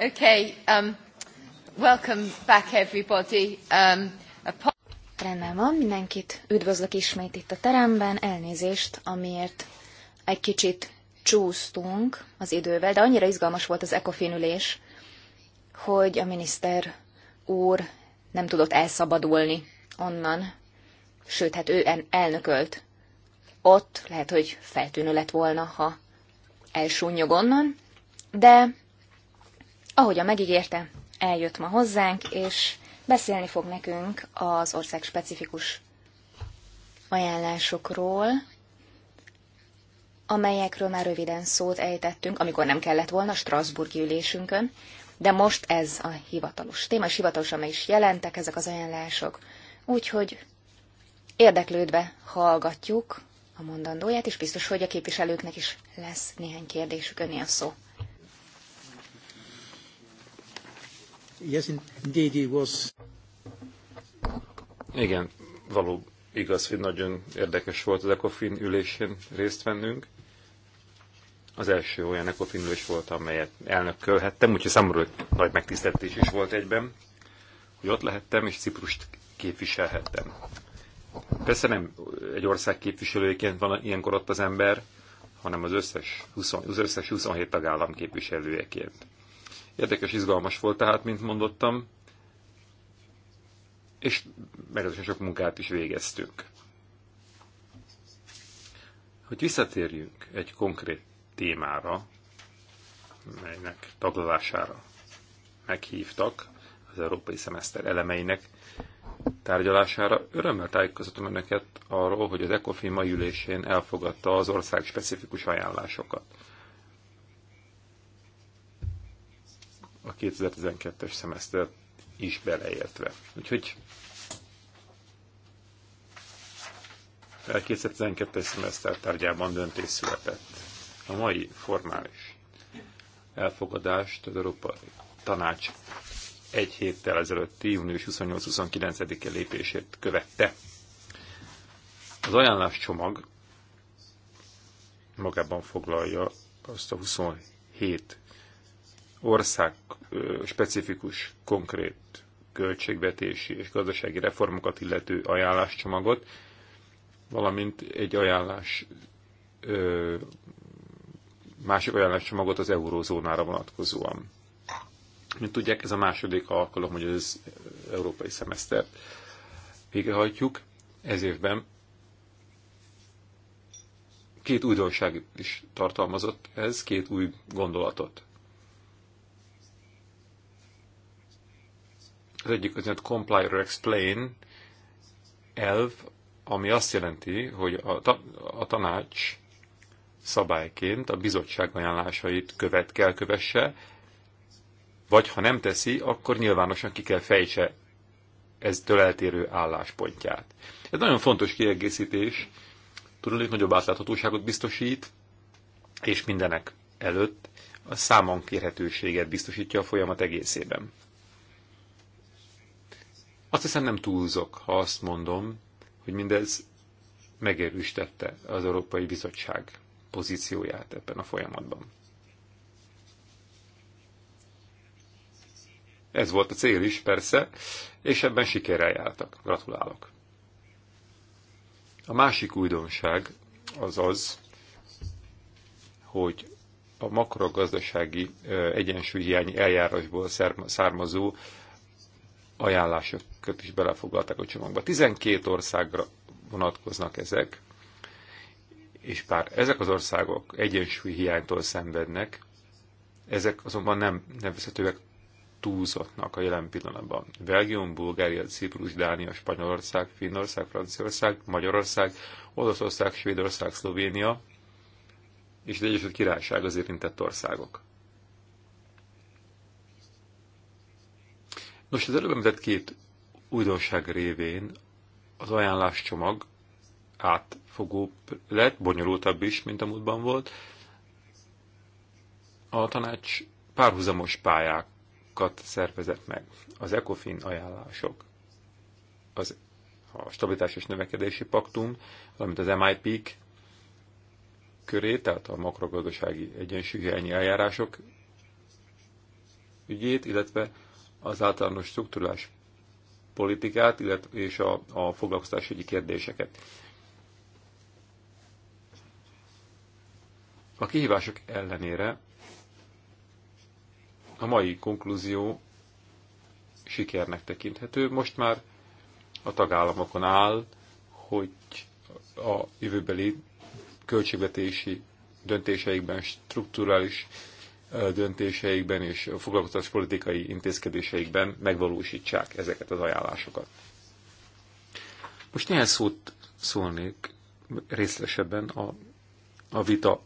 Okay, um, welcome back everybody. Um, Rendben van, mindenkit üdvözlök ismét itt a teremben, elnézést, amiért egy kicsit csúsztunk az idővel, de annyira izgalmas volt az ECOFIN ülés, hogy a miniszter úr nem tudott elszabadulni onnan, sőt, hát ő elnökölt. Ott lehet, hogy feltűnő lett volna, ha elsúnyog onnan, de ahogyan megígérte, eljött ma hozzánk, és beszélni fog nekünk az ország specifikus ajánlásokról, amelyekről már röviden szót ejtettünk, amikor nem kellett volna Strasburgi ülésünkön, de most ez a hivatalos téma, és hivatalosan is jelentek ezek az ajánlások. Úgyhogy érdeklődve hallgatjuk a mondandóját, és biztos, hogy a képviselőknek is lesz néhány kérdésük önni a szó. indeed it was. Igen, való igaz, hogy nagyon érdekes volt az ECOFIN ülésén részt vennünk. Az első olyan ECOFIN ülés volt, amelyet elnökölhettem, úgyhogy számomra nagy megtiszteltetés is volt egyben, hogy ott lehettem és Ciprust képviselhettem. Persze nem egy ország képviselőjeként van ilyenkor ott az ember, hanem az összes, 20, az összes 27 tagállam képviselőjeként. Érdekes, izgalmas volt tehát, mint mondottam, és meglehetősen sok munkát is végeztünk. Hogy visszatérjünk egy konkrét témára, melynek taglalására meghívtak az európai szemeszter elemeinek tárgyalására. Örömmel tájékoztatom Önöket arról, hogy az ECOFIN mai ülésén elfogadta az ország specifikus ajánlásokat a 2012-es szemeszter is beleértve. Úgyhogy a 2012-es szemeszter tárgyában döntés született. A mai formális elfogadást az Európa Tanács egy héttel ezelőtti június 28-29-e lépését követte. Az ajánláscsomag magában foglalja azt a 27 ország specifikus, konkrét költségvetési és gazdasági reformokat illető ajánláscsomagot, valamint egy ajánlás, másik ajánláscsomagot az eurózónára vonatkozóan. Mint tudják, ez a második alkalom, hogy az európai szemesztert végrehajtjuk. Ez évben két újdonság is tartalmazott ez, két új gondolatot. Az egyik az comply or explain elv, ami azt jelenti, hogy a, ta, a tanács szabályként a bizottság ajánlásait követ kell kövesse, vagy ha nem teszi, akkor nyilvánosan ki kell fejtse ez eltérő álláspontját. Ez nagyon fontos kiegészítés, tudod, hogy nagyobb átláthatóságot biztosít, és mindenek előtt a számon kérhetőséget biztosítja a folyamat egészében. Azt hiszem nem túlzok, ha azt mondom, hogy mindez megerősítette az Európai Bizottság pozícióját ebben a folyamatban. Ez volt a cél is, persze, és ebben sikerrel jártak. Gratulálok. A másik újdonság az az, hogy a makrogazdasági egyensúlyhiány eljárásból származó ajánlásokat is belefoglalták a csomagba. 12 országra vonatkoznak ezek, és bár ezek az országok hiánytól szenvednek, ezek azonban nem nevezhetőek túlzottnak a jelen pillanatban. Belgium, Bulgária, Ciprus, Dánia, Spanyolország, Finnország, Franciaország, Magyarország, Olaszország, Svédország, Szlovénia és az Egyesült Királyság az érintett országok. Nos, az előbb említett két újdonság révén az ajánláscsomag átfogóbb lett, bonyolultabb is, mint a múltban volt. A tanács párhuzamos pályákat szervezett meg. Az ECOFIN ajánlások, az, a stabilitás és növekedési paktum, valamint az mip köré, tehát a makrogazdasági egyensúlyi eljárások ügyét, illetve az általános struktúrás politikát, illetve és a, a foglalkoztatásügyi kérdéseket. A kihívások ellenére a mai konklúzió sikernek tekinthető. Most már a tagállamokon áll, hogy a jövőbeli költségvetési döntéseikben strukturális döntéseikben és foglalkoztatás politikai intézkedéseikben megvalósítsák ezeket az ajánlásokat. Most néhány szót szólnék részlesebben a, a vita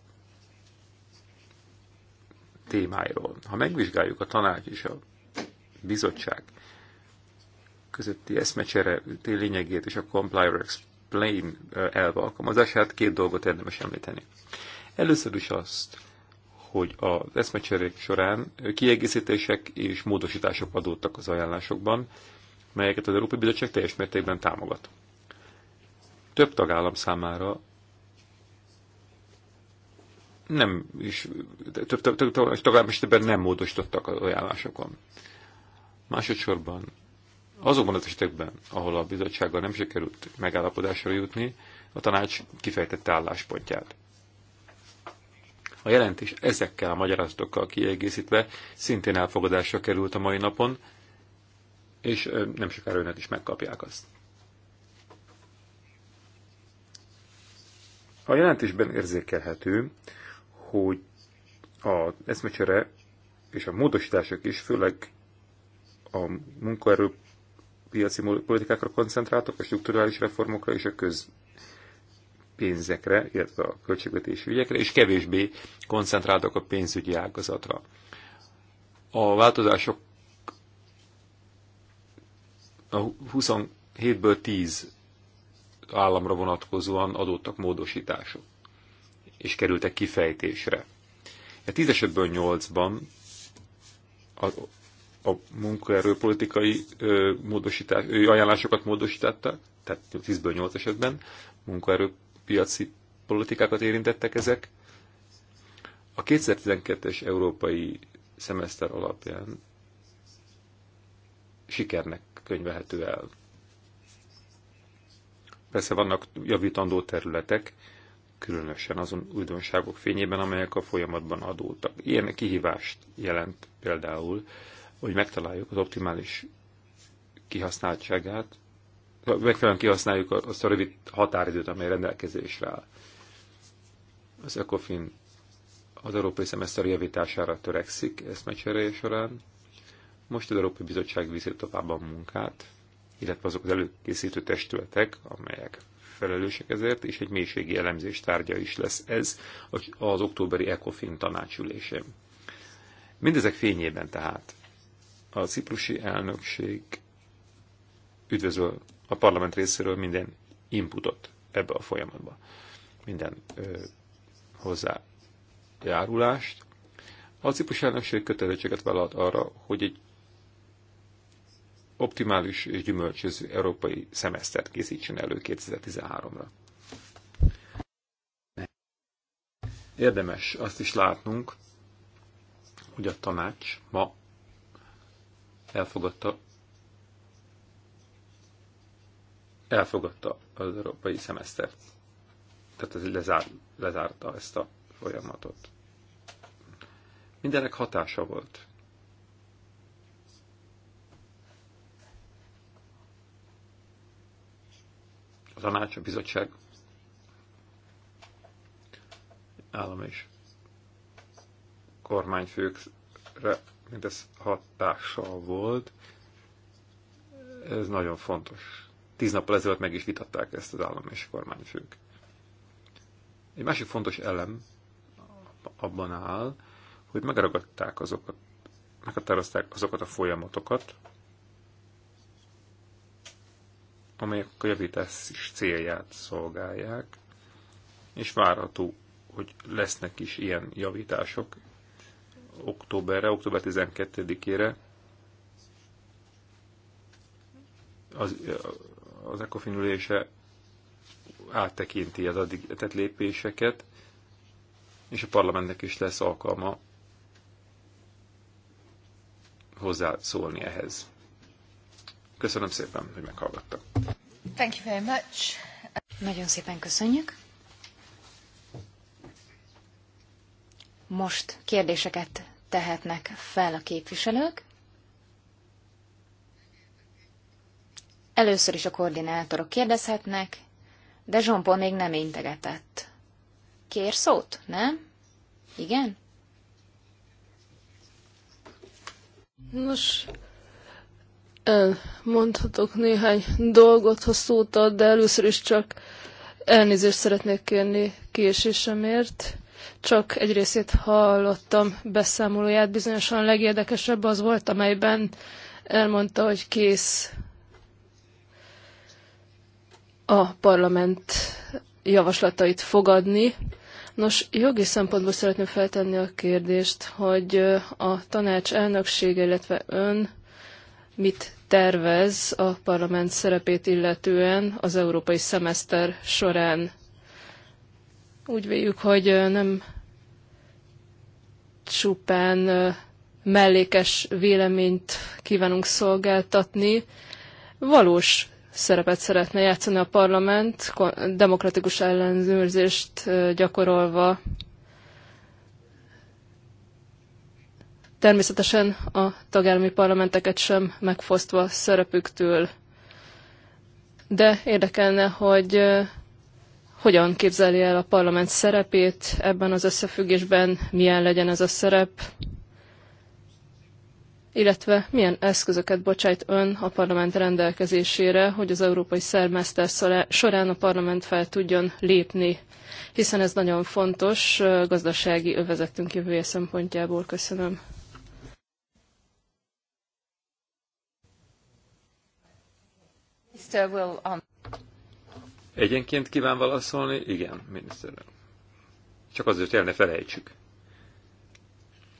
témáiról. Ha megvizsgáljuk a tanács és a bizottság közötti eszmecsere lényegét és a comply or explain elve alkalmazását, két dolgot érdemes említeni. Először is azt, hogy az eszmecserék során kiegészítések és módosítások adódtak az ajánlásokban, melyeket az Európai Bizottság teljes mértékben támogat. Több tagállam számára nem is, több, több, több, több tagállam esetben nem módosítottak az ajánlásokon. Másodszorban azokban az esetekben, ahol a bizottsággal nem sikerült megállapodásra jutni, a tanács kifejtette álláspontját. A jelentés ezekkel a magyarázatokkal kiegészítve szintén elfogadásra került a mai napon, és nem sokára önök is megkapják azt. A jelentésben érzékelhető, hogy a eszmecsere és a módosítások is főleg a munkaerő piaci politikákra koncentráltak, a strukturális reformokra és a köz pénzekre, illetve a költségvetési ügyekre, és kevésbé koncentráltak a pénzügyi ágazatra. A változások a 27-ből 10 államra vonatkozóan adottak módosítások, és kerültek kifejtésre. A 10 esetből 8-ban a, a munkaerőpolitikai ö, módosítás, ajánlásokat módosították, tehát 10-ből 8 esetben munkaerő piaci politikákat érintettek ezek. A 2012-es európai szemeszter alapján sikernek könyvehető el. Persze vannak javítandó területek, különösen azon újdonságok fényében, amelyek a folyamatban adódtak. Ilyen kihívást jelent például, hogy megtaláljuk az optimális kihasználtságát megfelelően kihasználjuk azt a rövid határidőt, amely rendelkezésre áll. Az ECOFIN az európai szemeszter javítására törekszik eszmecseréje során. Most az Európai Bizottság viszi tovább a munkát, illetve azok az előkészítő testületek, amelyek felelősek ezért, és egy mélységi elemzés tárgya is lesz ez az októberi ECOFIN tanácsülésén. Mindezek fényében tehát a ciprusi elnökség üdvözöl a parlament részéről minden inputot ebbe a folyamatba, minden ö, hozzájárulást. A CIPUS elnökség kötelezettséget vállalt arra, hogy egy optimális és gyümölcsöző európai szemesztert készítsen elő 2013-ra. Érdemes azt is látnunk, hogy a tanács ma elfogadta elfogadta az európai szemesztert. Tehát ez lezár, lezárta ezt a folyamatot. Mindenek hatása volt. A tanács, a bizottság, állam és kormányfőkre ez hatással volt. Ez nagyon fontos Tíz nappal ezelőtt meg is vitatták ezt az állam és kormányfők. Egy másik fontos elem abban áll, hogy megragadták azokat, meghatározták azokat a folyamatokat, amelyek a javítás célját szolgálják, és várható, hogy lesznek is ilyen javítások októberre, október 12-ére, az az ECOFIN ülése áttekinti az addig tett lépéseket, és a parlamentnek is lesz alkalma hozzászólni ehhez. Köszönöm szépen, hogy meghallgattak. Thank you very much. Nagyon szépen köszönjük. Most kérdéseket tehetnek fel a képviselők. Először is a koordinátorok kérdezhetnek, de Zsompol még nem integetett. Kér szót, nem? Igen? Nos, elmondhatok néhány dolgot, ha szót ad, de először is csak elnézést szeretnék kérni késésemért. Csak egy részét hallottam beszámolóját, bizonyosan legérdekesebb az volt, amelyben elmondta, hogy kész a parlament javaslatait fogadni. Nos, jogi szempontból szeretném feltenni a kérdést, hogy a tanács elnöksége, illetve ön mit tervez a parlament szerepét illetően az európai szemeszter során. Úgy véljük, hogy nem csupán mellékes véleményt kívánunk szolgáltatni, valós szerepet szeretne játszani a parlament, demokratikus ellenőrzést gyakorolva. Természetesen a tagállami parlamenteket sem megfosztva szerepüktől. De érdekelne, hogy hogyan képzeli el a parlament szerepét ebben az összefüggésben, milyen legyen ez a szerep, illetve milyen eszközöket bocsájt ön a parlament rendelkezésére, hogy az európai szermeszter során a parlament fel tudjon lépni, hiszen ez nagyon fontos gazdasági övezetünk jövője szempontjából. Köszönöm. Um, Egyenként kíván válaszolni? Igen, miniszterem. Csak azért el ne felejtsük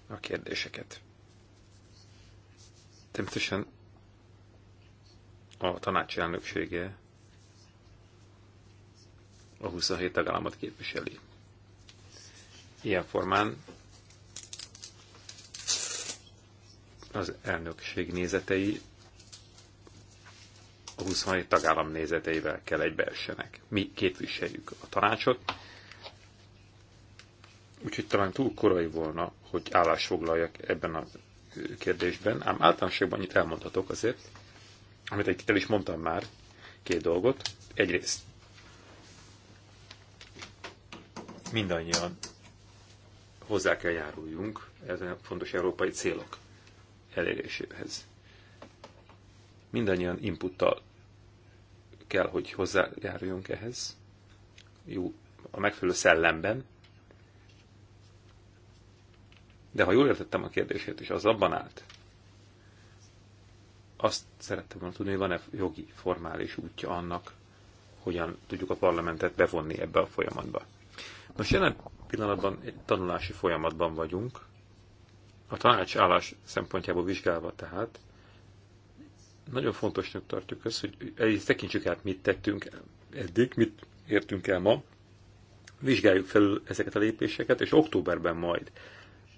a kérdéseket. Természetesen a tanács elnöksége a 27 tagállamot képviseli. Ilyen formán az elnökség nézetei a 27 tagállam nézeteivel kell egybeessenek. Mi képviseljük a tanácsot, úgyhogy talán túl korai volna, hogy állásfoglaljak ebben az kérdésben, ám általánosságban annyit elmondhatok azért, amit egy el is mondtam már, két dolgot. Egyrészt mindannyian hozzá kell járuljunk ezen a fontos európai célok eléréséhez. Mindannyian inputtal kell, hogy hozzájáruljunk ehhez, jó, a megfelelő szellemben, de ha jól értettem a kérdését, és az abban állt, azt szerettem volna tudni, hogy van-e jogi, formális útja annak, hogyan tudjuk a parlamentet bevonni ebbe a folyamatba. Most jelen pillanatban egy tanulási folyamatban vagyunk, a állás szempontjából vizsgálva tehát, nagyon fontosnak tartjuk ezt, hogy egyrészt tekintsük át, mit tettünk eddig, mit értünk el ma, vizsgáljuk fel ezeket a lépéseket, és októberben majd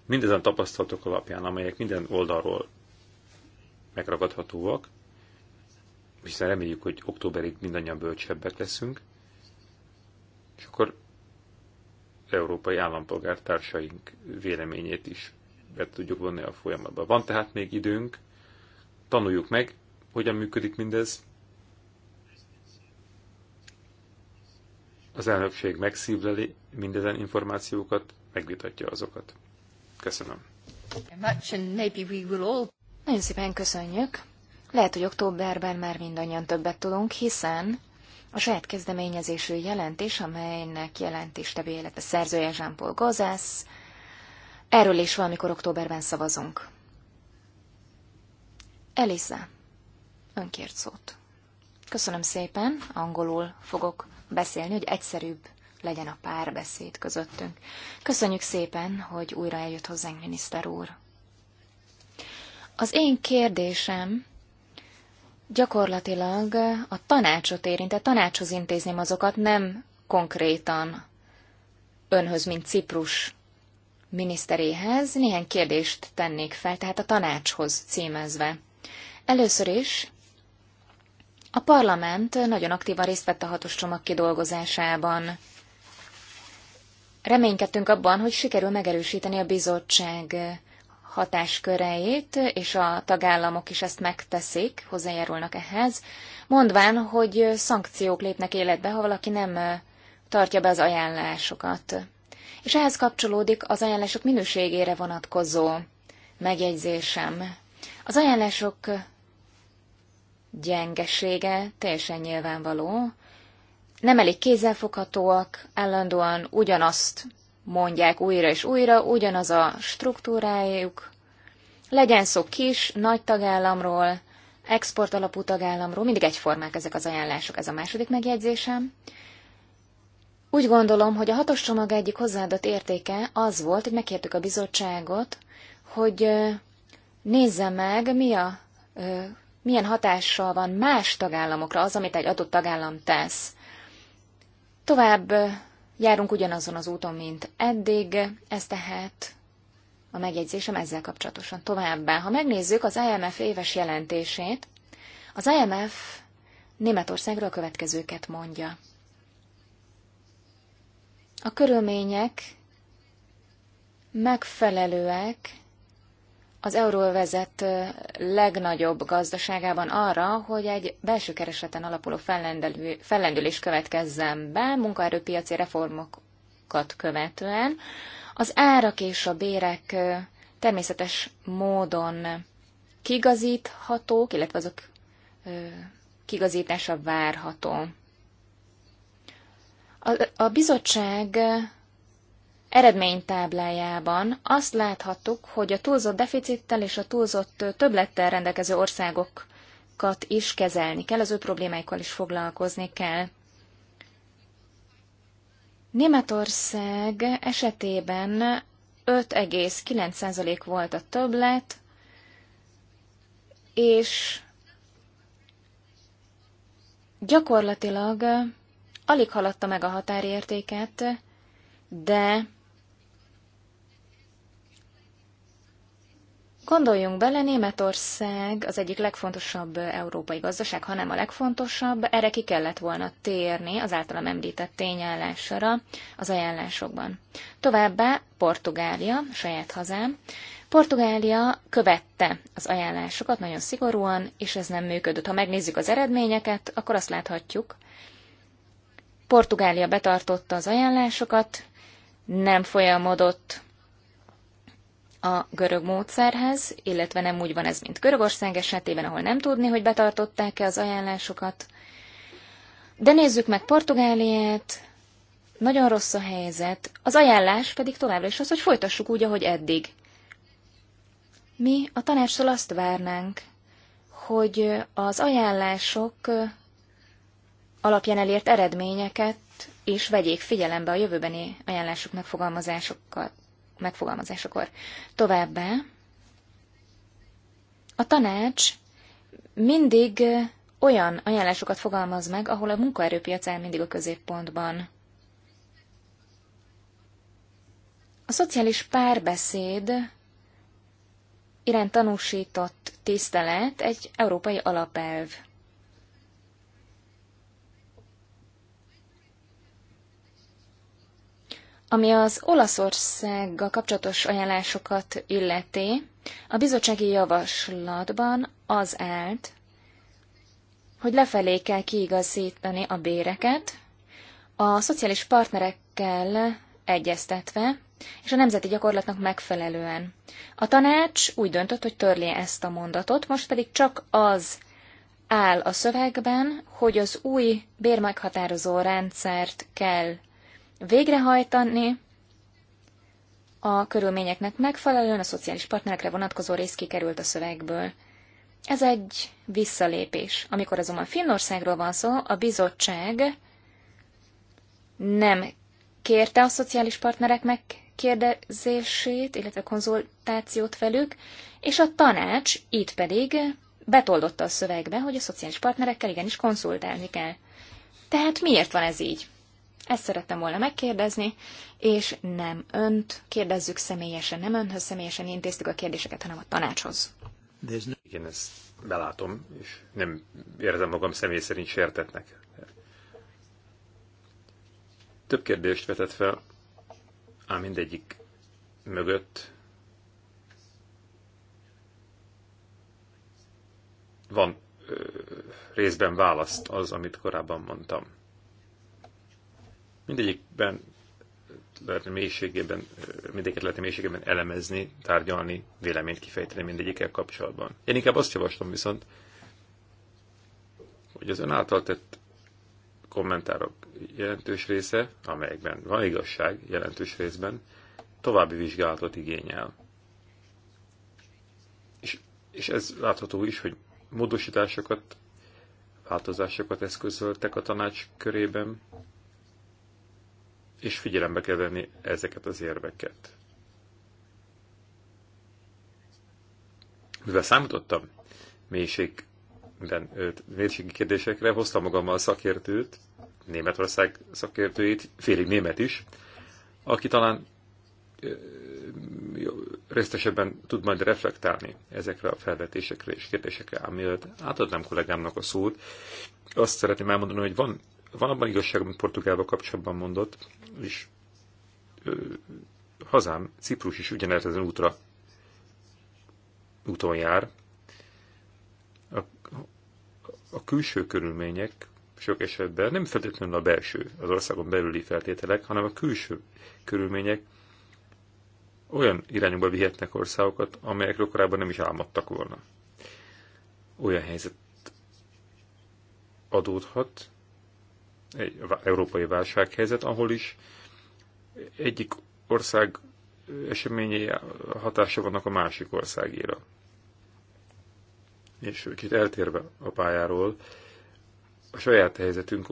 mindezen tapasztalatok alapján, amelyek minden oldalról megragadhatóak, hiszen reméljük, hogy októberig mindannyian bölcsebbek leszünk, és akkor európai állampolgártársaink véleményét is be tudjuk vonni a folyamatba. Van tehát még időnk, tanuljuk meg, hogyan működik mindez. Az elnökség megszívleli mindezen információkat, megvitatja azokat. Köszönöm. Nagyon szépen köszönjük. Lehet, hogy októberben már mindannyian többet tudunk, hiszen a saját kezdeményezésű jelentés, amelynek jelentéstevő, illetve szerzője Jean-Paul Gozász, erről is valamikor októberben szavazunk. Elisa, önkért szót. Köszönöm szépen, angolul fogok beszélni, hogy egyszerűbb legyen a párbeszéd közöttünk. Köszönjük szépen, hogy újra eljött hozzánk, miniszter úr. Az én kérdésem gyakorlatilag a tanácsot érintett, tanácshoz intézném azokat, nem konkrétan önhöz, mint Ciprus miniszteréhez. Néhány kérdést tennék fel, tehát a tanácshoz címezve. Először is a parlament nagyon aktívan részt vett a hatos csomag kidolgozásában reménykedtünk abban, hogy sikerül megerősíteni a bizottság hatásköreit, és a tagállamok is ezt megteszik, hozzájárulnak ehhez, mondván, hogy szankciók lépnek életbe, ha valaki nem tartja be az ajánlásokat. És ehhez kapcsolódik az ajánlások minőségére vonatkozó megjegyzésem. Az ajánlások gyengesége teljesen nyilvánvaló, nem elég kézzelfoghatóak, állandóan ugyanazt mondják újra és újra, ugyanaz a struktúrájuk, legyen szó kis, nagy tagállamról, export alapú tagállamról, mindig egyformák ezek az ajánlások, ez a második megjegyzésem. Úgy gondolom, hogy a hatos csomag egyik hozzáadott értéke az volt, hogy megkértük a bizottságot, hogy nézze meg, mi a, milyen hatással van más tagállamokra az, amit egy adott tagállam tesz. Tovább járunk ugyanazon az úton, mint eddig, ez tehát a megjegyzésem ezzel kapcsolatosan. Továbbá, ha megnézzük az IMF éves jelentését, az IMF Németországról a következőket mondja. A körülmények megfelelőek az euróvezet legnagyobb gazdaságában arra, hogy egy belső kereseten alapuló fellendülés következzen be, munkaerőpiaci reformokat követően. Az árak és a bérek természetes módon kigazíthatók, illetve azok kigazítása várható. A, a bizottság eredménytáblájában azt láthattuk, hogy a túlzott deficittel és a túlzott többlettel rendelkező országokat is kezelni kell, az ő problémáikkal is foglalkozni kell. Németország esetében 5,9% volt a többlet, és gyakorlatilag alig haladta meg a határértéket, de Gondoljunk bele, Németország az egyik legfontosabb európai gazdaság, hanem a legfontosabb, erre ki kellett volna térni az általam említett tényállásra az ajánlásokban. Továbbá Portugália, saját hazám. Portugália követte az ajánlásokat nagyon szigorúan, és ez nem működött. Ha megnézzük az eredményeket, akkor azt láthatjuk, Portugália betartotta az ajánlásokat, nem folyamodott a görög módszerhez, illetve nem úgy van ez, mint Görögország esetében, ahol nem tudni, hogy betartották-e az ajánlásokat. De nézzük meg Portugáliát, nagyon rossz a helyzet, az ajánlás pedig továbbra is az, hogy folytassuk úgy, ahogy eddig. Mi a tanácstól azt várnánk, hogy az ajánlások alapján elért eredményeket és vegyék figyelembe a jövőbeni ajánlások megfogalmazásokat megfogalmazásakor. Továbbá a tanács mindig olyan ajánlásokat fogalmaz meg, ahol a munkaerőpiac áll mindig a középpontban. A szociális párbeszéd iránt tanúsított tisztelet egy európai alapelv. Ami az Olaszországgal kapcsolatos ajánlásokat illeti, a bizottsági javaslatban az állt, hogy lefelé kell kiigazítani a béreket, a szociális partnerekkel egyeztetve, és a nemzeti gyakorlatnak megfelelően. A tanács úgy döntött, hogy törli ezt a mondatot, most pedig csak az áll a szövegben, hogy az új bérmeghatározó rendszert kell végrehajtani a körülményeknek megfelelően a szociális partnerekre vonatkozó rész kikerült a szövegből. Ez egy visszalépés. Amikor azonban Finnországról van szó, a bizottság nem kérte a szociális partnerek megkérdezését, illetve konzultációt velük, és a tanács itt pedig betoldotta a szövegbe, hogy a szociális partnerekkel igenis konzultálni kell. Tehát miért van ez így? Ezt szerettem volna megkérdezni, és nem önt kérdezzük személyesen, nem önhöz személyesen intéztük a kérdéseket, hanem a tanácshoz. De ez Igen, ezt belátom, és nem érzem magam személy szerint sértetnek. Több kérdést vetett fel, ám mindegyik mögött van ö, részben választ az, amit korábban mondtam. Mindegyikben lehet mélységében, mindegyiket lehet mélységében elemezni, tárgyalni, véleményt kifejteni mindegyikkel kapcsolatban. Én inkább azt javaslom viszont, hogy az ön által tett kommentárok jelentős része, amelyekben van igazság jelentős részben, további vizsgálatot igényel. És, és ez látható is, hogy módosításokat, változásokat eszközöltek a tanács körében, és figyelembe kell venni ezeket az érveket. Mivel számítottam mélységben, mélységi kérdésekre, hoztam magammal a szakértőt, Németország szakértőjét, félig német is, aki talán résztesebben tud majd reflektálni ezekre a felvetésekre és kérdésekre, amiért átadnám kollégámnak a szót, azt szeretném elmondani, hogy van van abban igazság, amit Portugálba kapcsolatban mondott, és ö, hazám, Ciprus is ugyanerre ezen útra úton jár. A, a külső körülmények sok esetben nem feltétlenül a belső, az országon belüli feltételek, hanem a külső körülmények olyan irányba vihetnek országokat, amelyekről korábban nem is álmodtak volna. Olyan helyzet adódhat, egy európai válsághelyzet, ahol is egyik ország eseményei hatása vannak a másik országéra. És kicsit eltérve a pályáról, a saját helyzetünk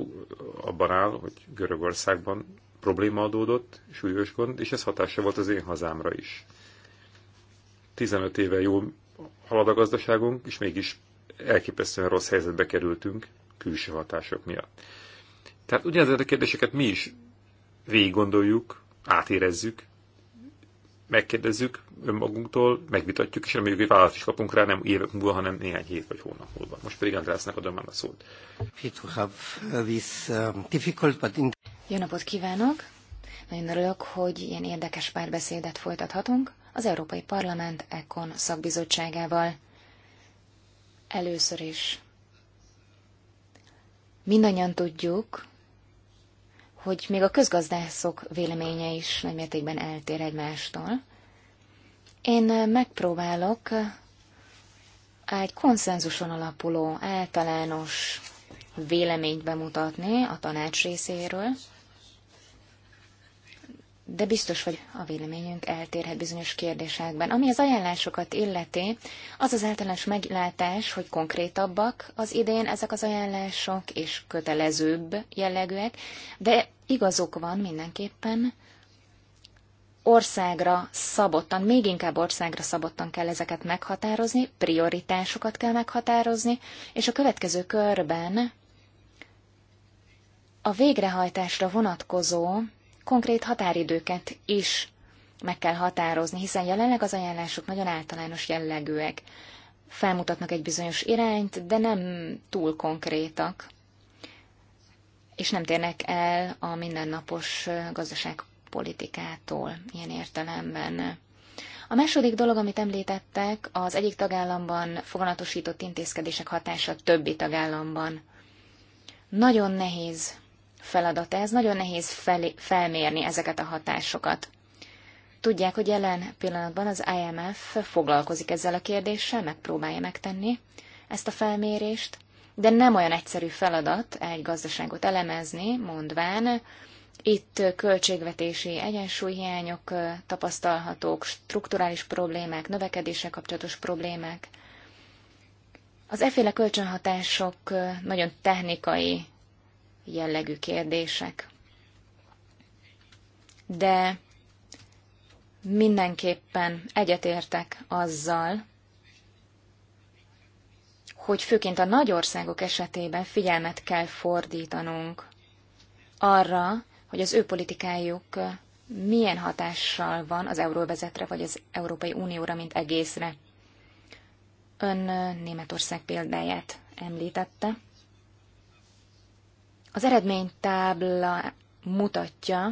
abban áll, hogy Görögországban probléma adódott, súlyos gond, és ez hatása volt az én hazámra is. 15 éve jól halad a gazdaságunk, és mégis elképesztően rossz helyzetbe kerültünk külső hatások miatt. Tehát ugyanezeket a kérdéseket mi is végig gondoljuk, átérezzük, megkérdezzük önmagunktól, megvitatjuk, és reméljük, hogy választ is kapunk rá, nem évek múlva, hanem néhány hét vagy hónap múlva. Most pedig Andrásznak adom már a szót. Uh, um, Jó napot kívánok! Nagyon örülök, hogy ilyen érdekes párbeszédet folytathatunk az Európai Parlament Ekon szakbizottságával. Először is mindannyian tudjuk, hogy még a közgazdászok véleménye is nagymértékben eltér egymástól. Én megpróbálok egy konszenzuson alapuló, általános véleményt bemutatni a tanács részéről, de biztos, hogy a véleményünk eltérhet bizonyos kérdésekben. Ami az ajánlásokat illeti, az az általános meglátás, hogy konkrétabbak az idén ezek az ajánlások, és kötelezőbb jellegűek, de igazuk van mindenképpen, országra szabottan, még inkább országra szabottan kell ezeket meghatározni, prioritásokat kell meghatározni, és a következő körben a végrehajtásra vonatkozó konkrét határidőket is meg kell határozni, hiszen jelenleg az ajánlások nagyon általános jellegűek. Felmutatnak egy bizonyos irányt, de nem túl konkrétak és nem térnek el a mindennapos gazdaságpolitikától ilyen értelemben. A második dolog, amit említettek, az egyik tagállamban foganatosított intézkedések hatása többi tagállamban. Nagyon nehéz feladat ez, nagyon nehéz fel, felmérni ezeket a hatásokat. Tudják, hogy jelen pillanatban az IMF foglalkozik ezzel a kérdéssel, megpróbálja megtenni ezt a felmérést, de nem olyan egyszerű feladat egy gazdaságot elemezni, mondván, itt költségvetési egyensúlyhiányok tapasztalhatók, strukturális problémák, növekedéssel kapcsolatos problémák. Az efféle kölcsönhatások nagyon technikai jellegű kérdések. De mindenképpen egyetértek azzal, hogy főként a nagy országok esetében figyelmet kell fordítanunk arra, hogy az ő politikájuk milyen hatással van az euróvezetre vagy az Európai Unióra, mint egészre. Ön Németország példáját említette. Az eredménytábla mutatja,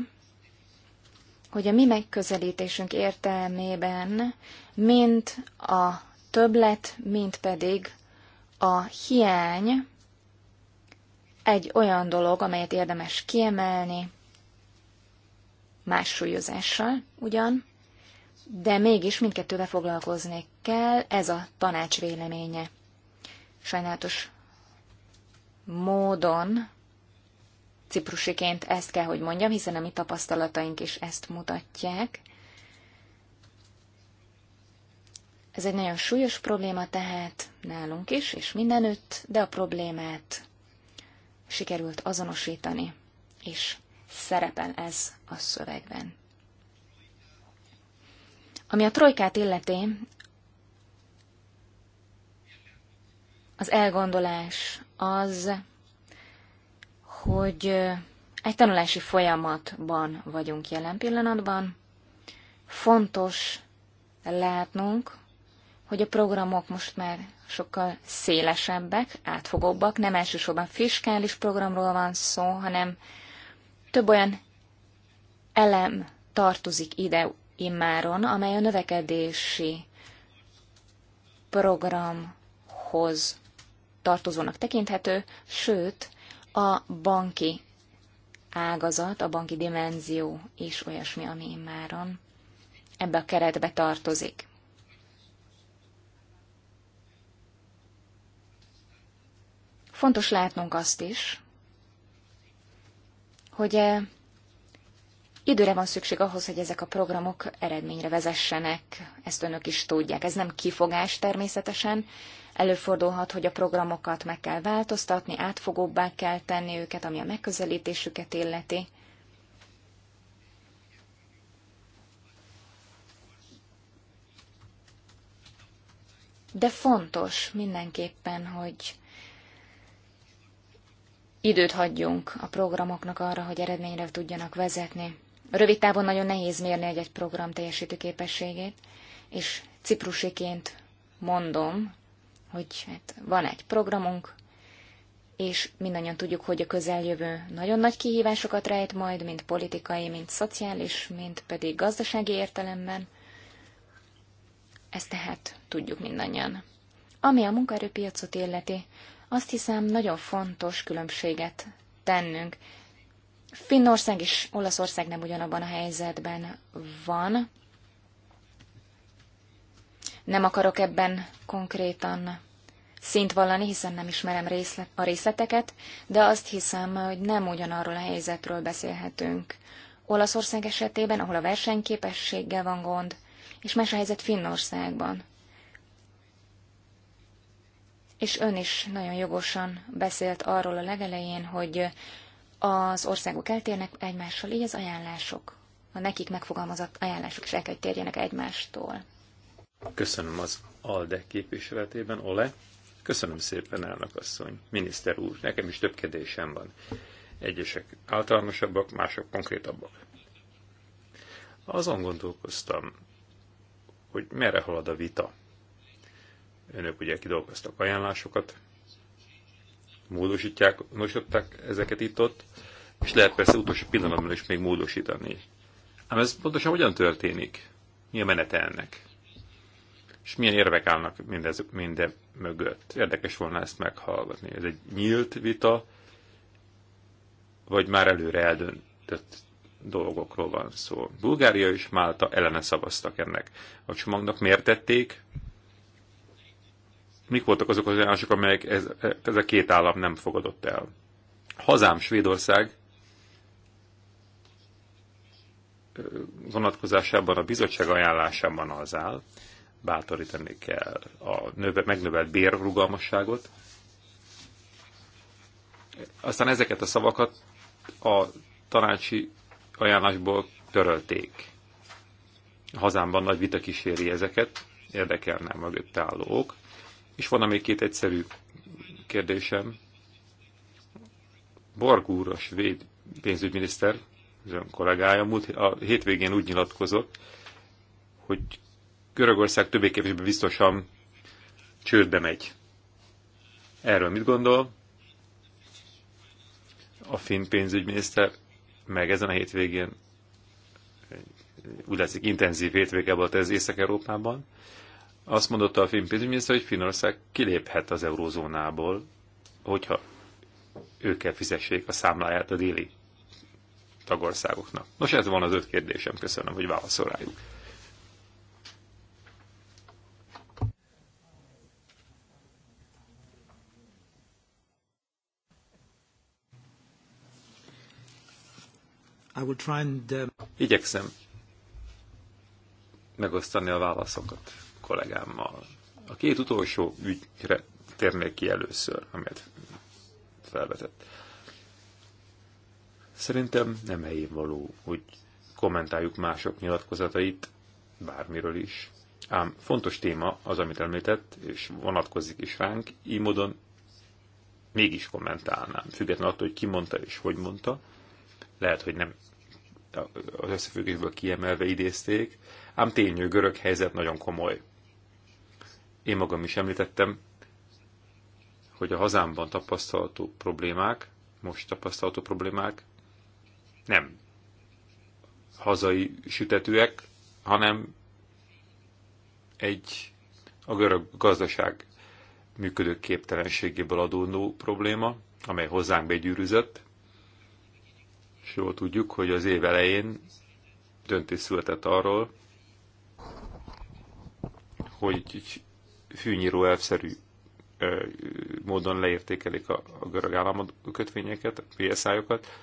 hogy a mi megközelítésünk értelmében mint a többlet, mint pedig a hiány egy olyan dolog, amelyet érdemes kiemelni, más súlyozással ugyan, de mégis mindkettővel foglalkozni kell, ez a tanács véleménye. Sajnálatos módon ciprusiként ezt kell, hogy mondjam, hiszen a mi tapasztalataink is ezt mutatják. Ez egy nagyon súlyos probléma tehát nálunk is, és mindenütt, de a problémát sikerült azonosítani, és szerepel ez a szövegben. Ami a trojkát illeti, az elgondolás az, hogy egy tanulási folyamatban vagyunk jelen pillanatban. Fontos látnunk, hogy a programok most már sokkal szélesebbek, átfogóbbak, nem elsősorban fiskális programról van szó, hanem több olyan elem tartozik ide immáron, amely a növekedési programhoz tartozónak tekinthető, sőt, a banki ágazat, a banki dimenzió is olyasmi, ami immáron ebbe a keretbe tartozik. Fontos látnunk azt is, hogy eh, időre van szükség ahhoz, hogy ezek a programok eredményre vezessenek, ezt önök is tudják. Ez nem kifogás természetesen, Előfordulhat, hogy a programokat meg kell változtatni, átfogóbbá kell tenni őket, ami a megközelítésüket illeti. De fontos mindenképpen, hogy időt hagyjunk a programoknak arra, hogy eredményre tudjanak vezetni. Rövid távon nagyon nehéz mérni egy-egy program teljesítő képességét, és ciprusiként mondom, hogy hát van egy programunk, és mindannyian tudjuk, hogy a közeljövő nagyon nagy kihívásokat rejt majd, mind politikai, mind szociális, mind pedig gazdasági értelemben. Ezt tehát tudjuk mindannyian. Ami a munkaerőpiacot illeti, azt hiszem nagyon fontos különbséget tennünk. Finnország és Olaszország nem ugyanabban a helyzetben van. Nem akarok ebben konkrétan szint vallani, hiszen nem ismerem részlet, a részleteket, de azt hiszem, hogy nem ugyanarról a helyzetről beszélhetünk. Olaszország esetében, ahol a versenyképességgel van gond, és más a helyzet Finnországban és ön is nagyon jogosan beszélt arról a legelején, hogy az országok eltérnek egymással, így az ajánlások, a nekik megfogalmazott ajánlások is el kell, hogy térjenek egymástól. Köszönöm az ALDE képviseletében, Ole. Köszönöm szépen, elnök asszony, miniszter úr, nekem is több kérdésem van. Egyesek általánosabbak, mások konkrétabbak. Azon gondolkoztam, hogy merre halad a vita Önök ugye kidolgoztak ajánlásokat, módosítják, módosították ezeket itt-ott, és lehet persze utolsó pillanatban is még módosítani. Ám ez pontosan hogyan történik? Mi a menete ennek? És milyen érvek állnak mindez, minden mögött? Érdekes volna ezt meghallgatni. Ez egy nyílt vita, vagy már előre eldöntött dolgokról van szó. Bulgária és Málta ellene szavaztak ennek a csomagnak. Miért tették? mik voltak azok az ajánlások, amelyek ez, ez a két állam nem fogadott el. Hazám Svédország vonatkozásában a bizottság ajánlásában az áll, bátorítani kell a növe, megnövelt bérrugalmasságot. Aztán ezeket a szavakat a tanácsi ajánlásból törölték. Hazámban nagy vita kíséri ezeket, érdekelne mögött állók. És van még két egyszerű kérdésem. Borgúr, a svéd pénzügyminiszter, az ön kollégája, múlt, a hétvégén úgy nyilatkozott, hogy Görögország többé-kevésbé biztosan csődbe megy. Erről mit gondol? A finn pénzügyminiszter meg ezen a hétvégén úgy látszik intenzív hétvége volt ez Észak-Európában. Azt mondotta a finn pénzügyminiszter, hogy Finnország kiléphet az eurózónából, hogyha ők kell fizessék a számláját a déli tagországoknak. Nos, ez van az öt kérdésem. Köszönöm, hogy válaszol rájuk. I will try and, um, Igyekszem megosztani a válaszokat kollégámmal. A két utolsó ügyre térnék ki először, amelyet felvetett. Szerintem nem helyén való, hogy kommentáljuk mások nyilatkozatait bármiről is. Ám fontos téma az, amit említett, és vonatkozik is ránk, így módon mégis kommentálnám, függetlenül attól, hogy ki mondta és hogy mondta. Lehet, hogy nem az összefüggésből kiemelve idézték, ám tény, hogy görög helyzet nagyon komoly. Én magam is említettem, hogy a hazámban tapasztalható problémák, most tapasztalható problémák nem hazai sütetőek, hanem egy a görög gazdaság képtelenségéből adódó probléma, amely hozzánk begyűrűzött, és jól tudjuk, hogy az év elején döntés született arról, hogy fűnyíró elvszerű módon leértékelik a, a görög államad kötvényeket, a PSI-okat.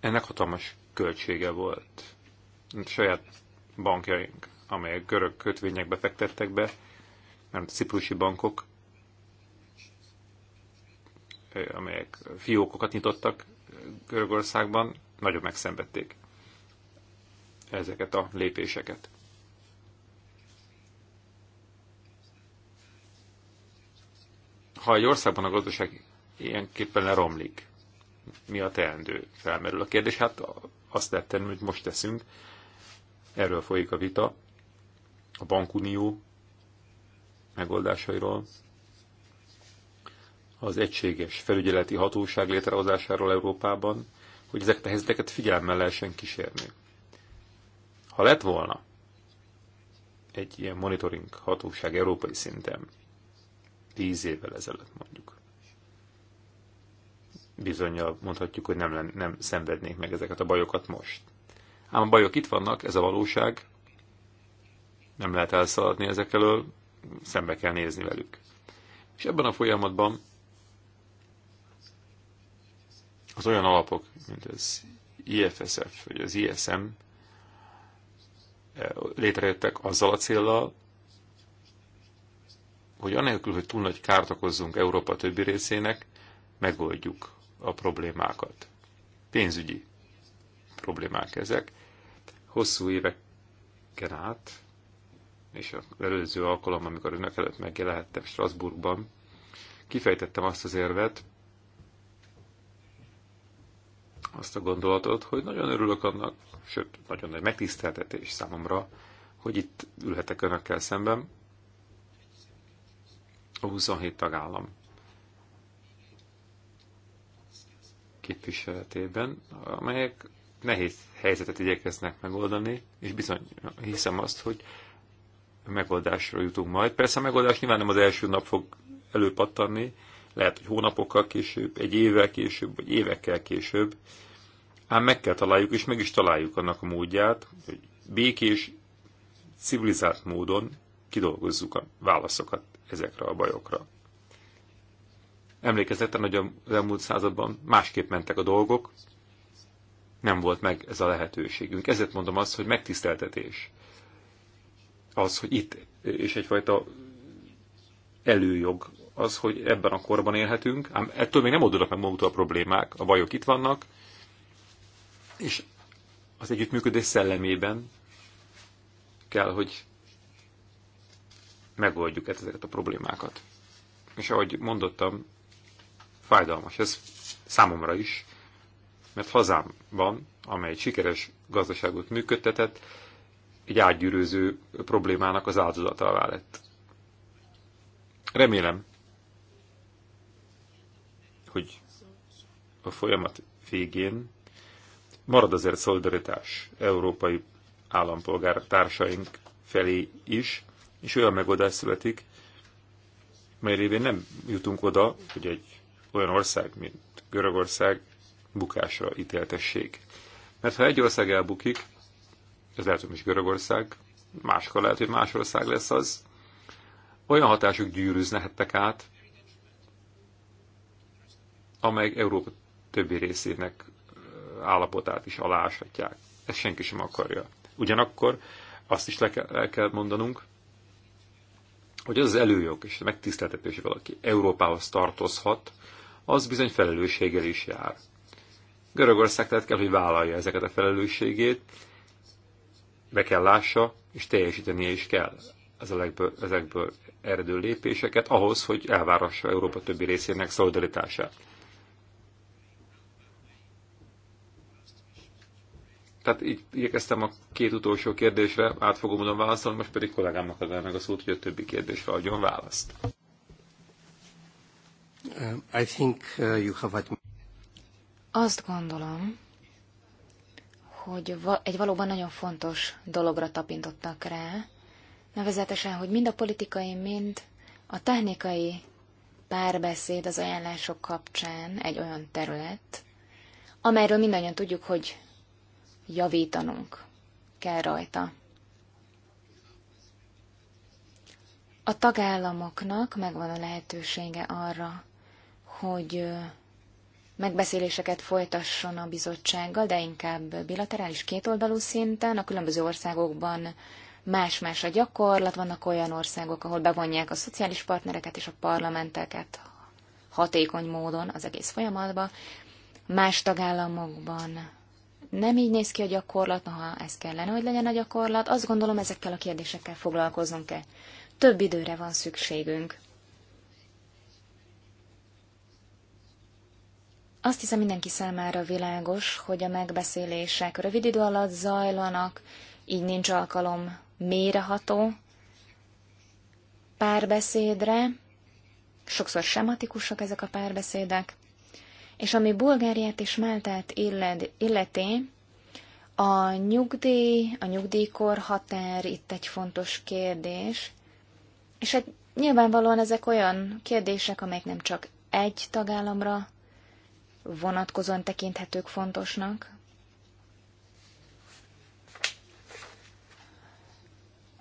Ennek hatalmas költsége volt. A saját bankjaink, amelyek görög kötvényekbe fektettek be, mert ciprusi bankok, amelyek fiókokat nyitottak Görögországban, nagyon megszenvedték ezeket a lépéseket. ha egy országban a gazdaság ilyenképpen leromlik, mi a teendő? Felmerül a kérdés. Hát azt lehet tenni, hogy most teszünk. Erről folyik a vita. A bankunió megoldásairól, az egységes felügyeleti hatóság létrehozásáról Európában, hogy ezeket a helyzeteket figyelemmel lehessen kísérni. Ha lett volna egy ilyen monitoring hatóság európai szinten, tíz évvel ezelőtt mondjuk. Bizonyal mondhatjuk, hogy nem, nem szenvednék meg ezeket a bajokat most. Ám a bajok itt vannak, ez a valóság, nem lehet elszaladni ezek elől, szembe kell nézni velük. És ebben a folyamatban az olyan alapok, mint az IFSF, vagy az ISM eh, létrejöttek azzal a célral, hogy anélkül, hogy túl nagy kárt okozzunk Európa többi részének, megoldjuk a problémákat. Pénzügyi problémák ezek. Hosszú éveken át, és az előző alkalom, amikor önök előtt megjelenhettem Strasbourgban, kifejtettem azt az érvet, azt a gondolatot, hogy nagyon örülök annak, sőt, nagyon nagy megtiszteltetés számomra, hogy itt ülhetek önökkel szemben, a 27 tagállam képviseletében, amelyek nehéz helyzetet igyekeznek megoldani, és bizony hiszem azt, hogy megoldásra jutunk majd. Persze a megoldás nyilván nem az első nap fog előpattanni, lehet, hogy hónapokkal később, egy évvel később, vagy évekkel később, ám meg kell találjuk, és meg is találjuk annak a módját, hogy békés, civilizált módon kidolgozzuk a válaszokat ezekre a bajokra. Emlékezetten, hogy az elmúlt században másképp mentek a dolgok, nem volt meg ez a lehetőségünk. Ezért mondom azt, hogy megtiszteltetés az, hogy itt, és egyfajta előjog az, hogy ebben a korban élhetünk, ám ettől még nem oldulnak meg maguktól a problémák, a bajok itt vannak, és az együttműködés szellemében kell, hogy megoldjuk ezeket a problémákat. És ahogy mondottam, fájdalmas ez számomra is, mert hazámban, amely sikeres gazdaságot működtetett, egy átgyűrőző problémának az áldozata alá lett. Remélem, hogy a folyamat végén marad azért szolidaritás európai állampolgár társaink felé is, és olyan megoldás születik, mely révén nem jutunk oda, hogy egy olyan ország, mint Görögország bukásra ítéltessék. Mert ha egy ország elbukik, ez lehet, hogy is Görögország, máskor lehet, hogy más ország lesz az, olyan hatások gyűrűznehettek át, amely Európa többi részének állapotát is aláshatják. Ezt senki sem akarja. Ugyanakkor azt is le kell, le kell mondanunk, hogy az előjog és a megtiszteltetés, valaki Európához tartozhat, az bizony felelősséggel is jár. Görögország tehát kell, hogy vállalja ezeket a felelősségét, be kell lássa, és teljesítenie is kell ezekből, ezekből eredő lépéseket ahhoz, hogy elvárassa Európa többi részének szolidaritását. Tehát így igyekeztem a két utolsó kérdésre átfogó oda válaszolni, most pedig kollégámnak adnám meg a szót, hogy a többi kérdésre adjon választ. Um, I think uh, you have Azt gondolom, hogy egy valóban nagyon fontos dologra tapintottak rá, nevezetesen, hogy mind a politikai, mind a technikai párbeszéd az ajánlások kapcsán egy olyan terület, amelyről mindannyian tudjuk, hogy javítanunk kell rajta. A tagállamoknak megvan a lehetősége arra, hogy megbeszéléseket folytasson a bizottsággal, de inkább bilaterális kétoldalú szinten, a különböző országokban más-más a gyakorlat, vannak olyan országok, ahol bevonják a szociális partnereket és a parlamenteket hatékony módon az egész folyamatba, más tagállamokban nem így néz ki a gyakorlat, ha ez kellene, hogy legyen a gyakorlat, azt gondolom ezekkel a kérdésekkel foglalkoznunk kell. Több időre van szükségünk. Azt hiszem mindenki számára világos, hogy a megbeszélések rövid idő alatt zajlanak, így nincs alkalom méreható párbeszédre. Sokszor sematikusak ezek a párbeszédek. És ami Bulgáriát és Máltát illeti, a nyugdíj, a nyugdíjkor határ itt egy fontos kérdés, és hát nyilvánvalóan ezek olyan kérdések, amelyek nem csak egy tagállamra vonatkozóan tekinthetők fontosnak.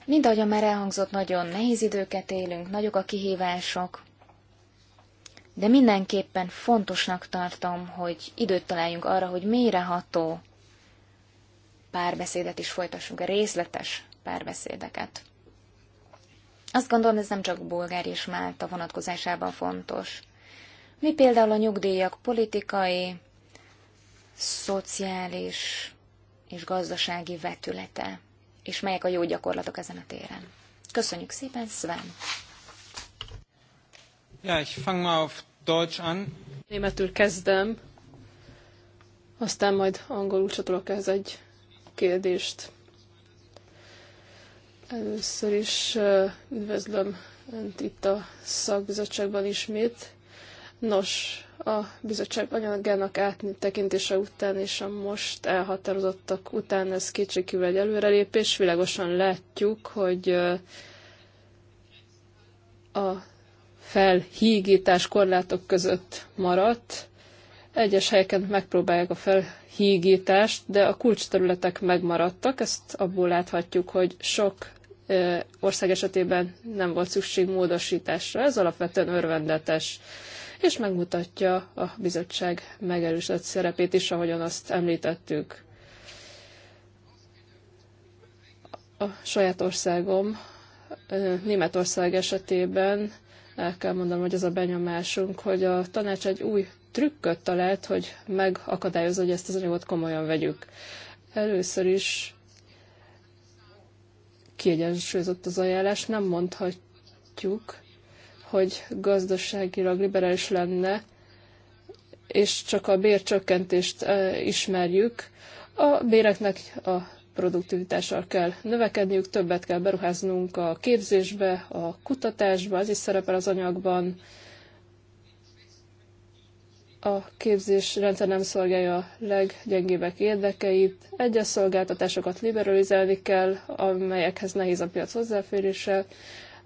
Mind ahogy már elhangzott, nagyon nehéz időket élünk, nagyok a kihívások, de mindenképpen fontosnak tartom, hogy időt találjunk arra, hogy mélyreható párbeszédet is folytassunk, a részletes párbeszédeket. Azt gondolom, ez nem csak Bulgária és Málta vonatkozásában fontos. Mi például a nyugdíjak politikai, szociális és gazdasági vetülete, és melyek a jó gyakorlatok ezen a téren. Köszönjük szépen, Sven! Ja, ich fange mal auf Deutsch an. Németül kezdem, aztán majd angolul csatolok ez egy kérdést. Először is üdvözlöm Önt itt a szakbizottságban ismét. Nos, a bizottság anyagának áttekintése után és a most elhatározottak után ez kétségkívül egy előrelépés. Világosan látjuk, hogy a felhígítás korlátok között maradt. Egyes helyeken megpróbálják a felhígítást, de a kulcsterületek megmaradtak. Ezt abból láthatjuk, hogy sok ország esetében nem volt szükség módosításra. Ez alapvetően örvendetes, és megmutatja a bizottság megerősített szerepét is, ahogyan azt említettük. A saját országom, Németország esetében el kell mondanom, hogy az a benyomásunk, hogy a tanács egy új trükköt talált, hogy megakadályozza, hogy ezt az anyagot komolyan vegyük. Először is kiegyensúlyozott az ajánlás, nem mondhatjuk, hogy gazdaságilag liberális lenne, és csak a bércsökkentést eh, ismerjük. A béreknek a produktivitással kell növekedniük, többet kell beruháznunk a képzésbe, a kutatásba, az is szerepel az anyagban. A képzés rendszer nem szolgálja a leggyengébbek érdekeit, egyes szolgáltatásokat liberalizálni kell, amelyekhez nehéz a piac hozzáférése.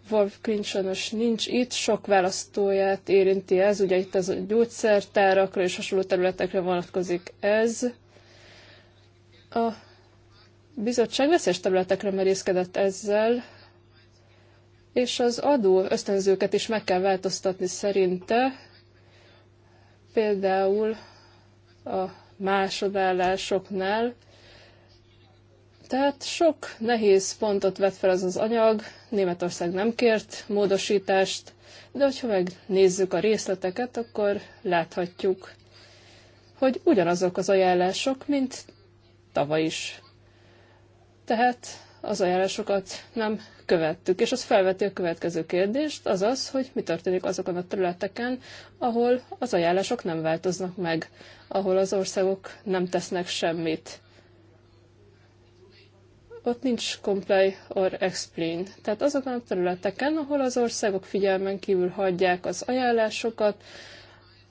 Wolf Klincsanos nincs itt, sok választóját érinti ez, ugye itt ez a gyógyszertárakra és hasonló területekre vonatkozik ez. A bizottság veszélyes területekre merészkedett ezzel, és az adó ösztönzőket is meg kell változtatni szerinte, például a másodállásoknál. Tehát sok nehéz pontot vett fel az az anyag, Németország nem kért módosítást, de hogyha megnézzük a részleteket, akkor láthatjuk, hogy ugyanazok az ajánlások, mint tavaly is tehát az ajánlásokat nem követtük. És az felveti a következő kérdést, az az, hogy mi történik azokon a területeken, ahol az ajánlások nem változnak meg, ahol az országok nem tesznek semmit. Ott nincs comply or explain. Tehát azokon a területeken, ahol az országok figyelmen kívül hagyják az ajánlásokat,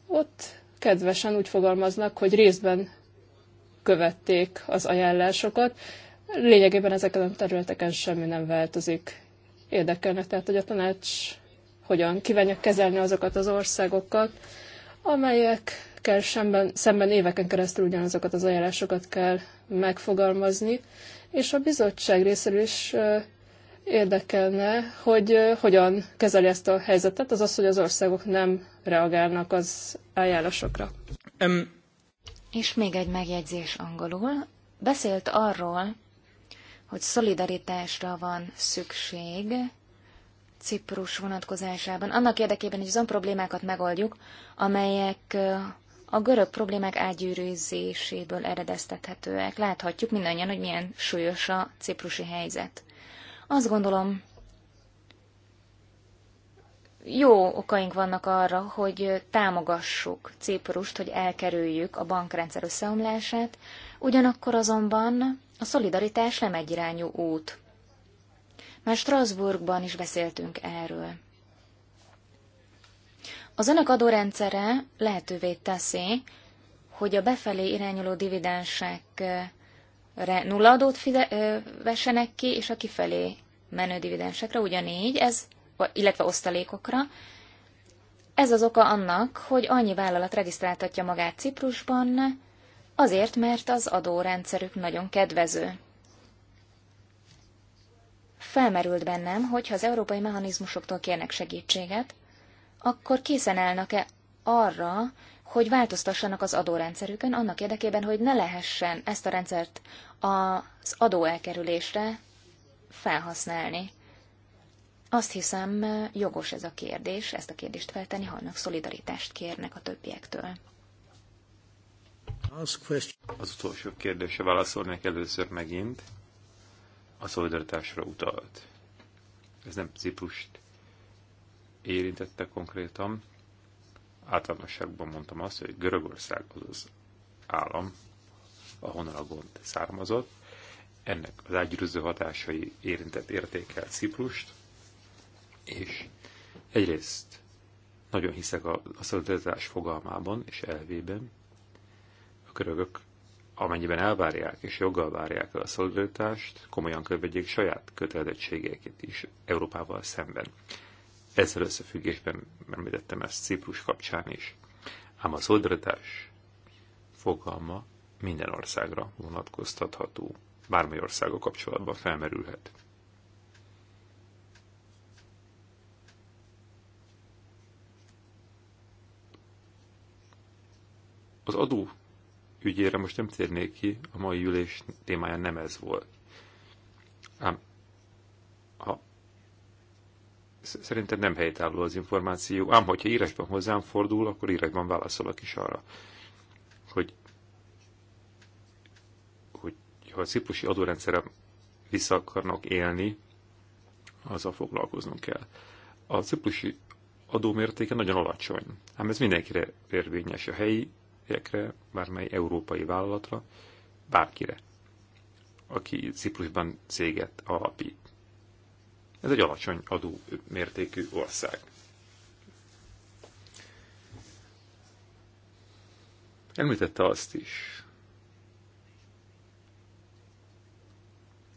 ott kedvesen úgy fogalmaznak, hogy részben követték az ajánlásokat, Lényegében ezeken a területeken semmi nem változik. Érdekelne tehát, hogy a tanács hogyan kívánja kezelni azokat az országokat, amelyekkel szemben, szemben éveken keresztül ugyanazokat az ajánlásokat kell megfogalmazni, és a bizottság részéről is érdekelne, hogy hogyan kezeli ezt a helyzetet, az az, hogy az országok nem reagálnak az ajánlásokra. Um. És még egy megjegyzés angolul. Beszélt arról, hogy szolidaritásra van szükség Ciprus vonatkozásában, annak érdekében, hogy azon problémákat megoldjuk, amelyek a görög problémák ágyűrűzéséből eredeztethetőek. Láthatjuk mindannyian, hogy milyen súlyos a ciprusi helyzet. Azt gondolom, jó okaink vannak arra, hogy támogassuk Ciprust, hogy elkerüljük a bankrendszer összeomlását, ugyanakkor azonban a szolidaritás nem egyirányú út. Már Strasbourgban is beszéltünk erről. Az önök adórendszere lehetővé teszi, hogy a befelé irányuló dividensekre nulladót vessenek ki, és a kifelé menő dividensekre ugyanígy, ez, illetve osztalékokra. Ez az oka annak, hogy annyi vállalat regisztráltatja magát Ciprusban, Azért, mert az adórendszerük nagyon kedvező. Felmerült bennem, hogy ha az európai mechanizmusoktól kérnek segítséget, akkor készen állnak-e arra, hogy változtassanak az adórendszerükön annak érdekében, hogy ne lehessen ezt a rendszert az adóelkerülésre felhasználni. Azt hiszem, jogos ez a kérdés, ezt a kérdést feltenni, ha annak szolidaritást kérnek a többiektől. Az utolsó kérdése válaszolnék először megint. A szolidaritásra utalt. Ez nem Ciprust érintette konkrétan. Általánosságban mondtam azt, hogy Görögország az az állam, ahonnan a gond származott. Ennek az ágyűrűző hatásai érintett értékel Ciprust, és egyrészt nagyon hiszek a, a szolidaritás fogalmában és elvében, a körögök, amennyiben elvárják és joggal várják el a szolidaritást, komolyan követjék saját kötelezettségeiket is Európával szemben. Ezzel összefüggésben említettem ezt Ciprus kapcsán is. Ám a szolidaritás fogalma minden országra vonatkoztatható. Bármely országa kapcsolatban felmerülhet. Az adó ügyére most nem térnék ki, a mai ülés témája nem ez volt. Ám ha szerintem nem helytálló az információ, ám hogyha írásban hozzám fordul, akkor írásban válaszolok is arra, hogy, hogy ha a ciprusi adórendszerre vissza akarnak élni, azzal foglalkoznunk kell. A ciprusi adómértéke nagyon alacsony, ám ez mindenkire érvényes. A helyi cégekre, bármely európai vállalatra, bárkire, aki Ciprusban céget alapít. Ez egy alacsony adó mértékű ország. Említette azt is,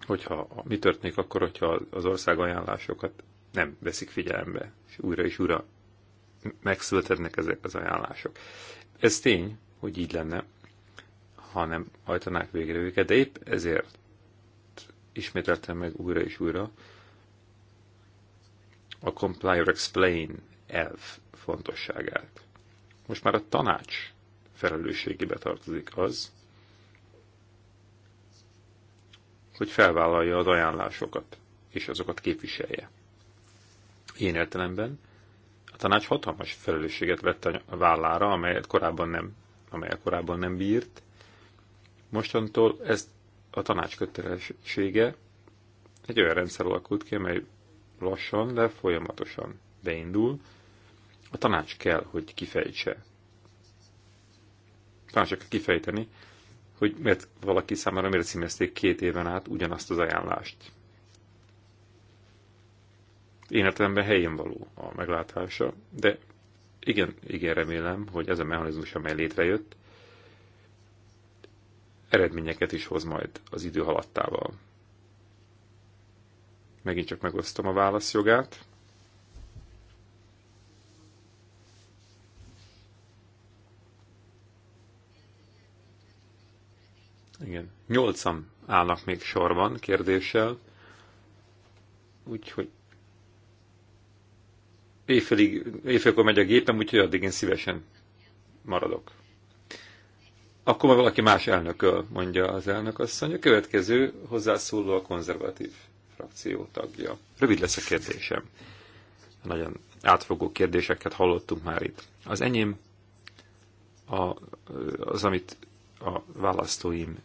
hogyha mi történik akkor, hogyha az ország ajánlásokat nem veszik figyelembe, és újra és újra megszületednek ezek az ajánlások. Ez tény, hogy így lenne, ha nem hajtanák végre őket, de épp ezért ismételtem meg újra és újra a comply or explain elv fontosságát. Most már a tanács felelősségébe tartozik az, hogy felvállalja az ajánlásokat, és azokat képviselje. Én értelemben tanács hatalmas felelősséget vett a vállára, amelyet korábban nem, amelyet korábban nem bírt. Mostantól ez a tanács kötelessége egy olyan rendszer alakult ki, amely lassan, de folyamatosan beindul. A tanács kell, hogy kifejtse. Tanács kell kifejteni, hogy miért valaki számára miért címezték két éven át ugyanazt az ajánlást én értelemben helyén való a meglátása, de igen, igen remélem, hogy ez a mechanizmus, amely létrejött, eredményeket is hoz majd az idő haladtával. Megint csak megosztom a válaszjogát. Igen, nyolcan állnak még sorban kérdéssel, úgyhogy éjfélig, éjfélkor megy a gépem, úgyhogy addig én szívesen maradok. Akkor már valaki más elnököl, mondja az elnök asszony. A következő hozzászóló a konzervatív frakció tagja. Rövid lesz a kérdésem. Nagyon átfogó kérdéseket hallottunk már itt. Az enyém a, az, amit a választóim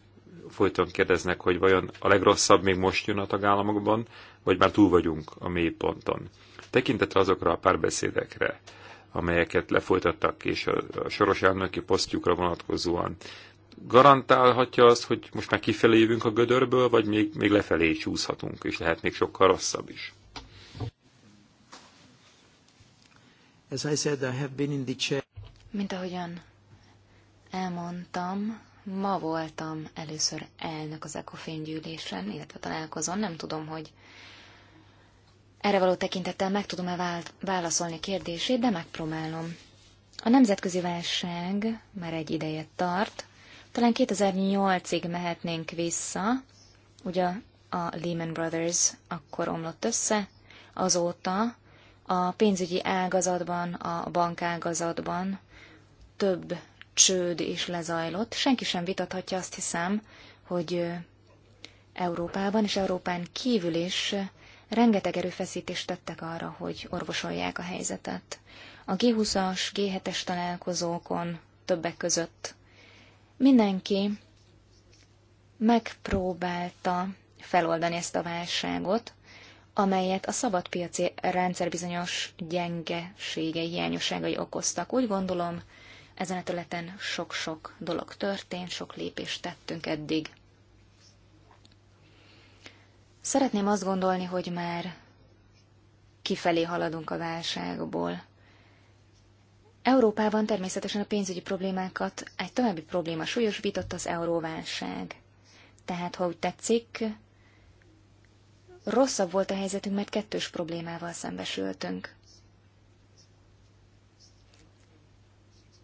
folyton kérdeznek, hogy vajon a legrosszabb még most jön a tagállamokban, vagy már túl vagyunk a mély ponton? Tekintetre azokra a párbeszédekre, amelyeket lefolytattak, és a soros elnöki posztjukra vonatkozóan garantálhatja azt, hogy most már kifelé jövünk a gödörből, vagy még, még lefelé csúszhatunk, és lehet még sokkal rosszabb is? As I said, I have been in the chair. Mint ahogyan elmondtam, ma voltam először elnök az ECOFIN gyűlésen, illetve találkozom, Nem tudom, hogy erre való tekintettel meg tudom-e válaszolni kérdését, de megpróbálom. A nemzetközi válság már egy ideje tart, talán 2008-ig mehetnénk vissza, ugye a Lehman Brothers akkor omlott össze, azóta a pénzügyi ágazatban, a bankágazatban több csőd is lezajlott. Senki sem vitathatja azt hiszem, hogy Európában és Európán kívül is rengeteg erőfeszítést tettek arra, hogy orvosolják a helyzetet. A G20-as, G7-es találkozókon, többek között mindenki megpróbálta feloldani ezt a válságot, amelyet a szabadpiaci rendszer bizonyos gyengeségei, hiányosságai okoztak. Úgy gondolom, ezen a területen sok-sok dolog történt, sok lépést tettünk eddig. Szeretném azt gondolni, hogy már kifelé haladunk a válságból. Európában természetesen a pénzügyi problémákat egy további probléma súlyosbított az euróválság. Tehát, ha úgy tetszik, rosszabb volt a helyzetünk, mert kettős problémával szembesültünk.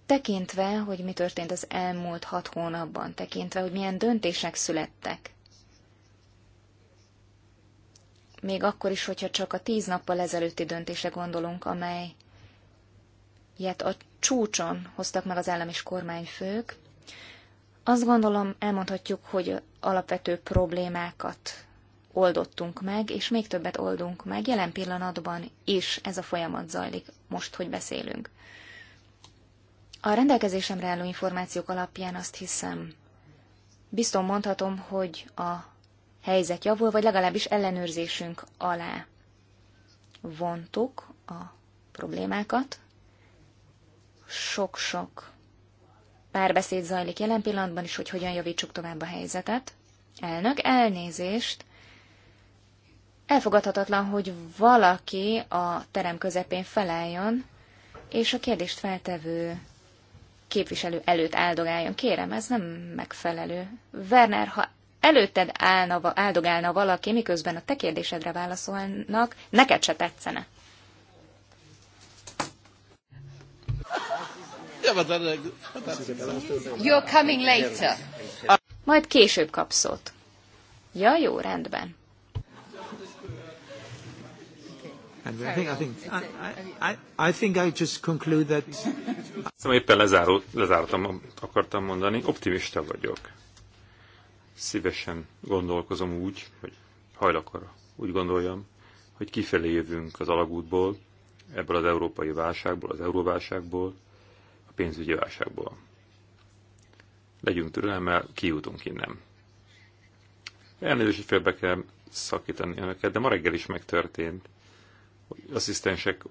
Tekintve, hogy mi történt az elmúlt hat hónapban, tekintve, hogy milyen döntések születtek, még akkor is, hogyha csak a tíz nappal ezelőtti döntésre gondolunk, amely ilyet a csúcson hoztak meg az állam és kormányfők, azt gondolom elmondhatjuk, hogy alapvető problémákat oldottunk meg, és még többet oldunk meg jelen pillanatban is ez a folyamat zajlik, most, hogy beszélünk. A rendelkezésemre álló információk alapján azt hiszem, biztos mondhatom, hogy a helyzet javul, vagy legalábbis ellenőrzésünk alá vontuk a problémákat. Sok-sok párbeszéd zajlik jelen pillanatban is, hogy hogyan javítsuk tovább a helyzetet. Elnök, elnézést! Elfogadhatatlan, hogy valaki a terem közepén felálljon, és a kérdést feltevő képviselő előtt áldogáljon. Kérem, ez nem megfelelő. Werner, ha előtted állna, áldogálna valaki, miközben a te kérdésedre válaszolnak, neked se tetszene. Hát hát You're coming later. Majd később kapszott. Ja, jó, rendben. I think I just conclude that... Szóval éppen lezárult, lezártam, akartam mondani, optimista vagyok szívesen gondolkozom úgy, hogy hajlak arra, úgy gondoljam, hogy kifelé jövünk az alagútból, ebből az európai válságból, az euróválságból, a pénzügyi válságból. Legyünk türelemmel, kijutunk innen. Elnézést, hogy félbe kell szakítani önöket, de ma reggel is megtörtént, hogy asszisztensek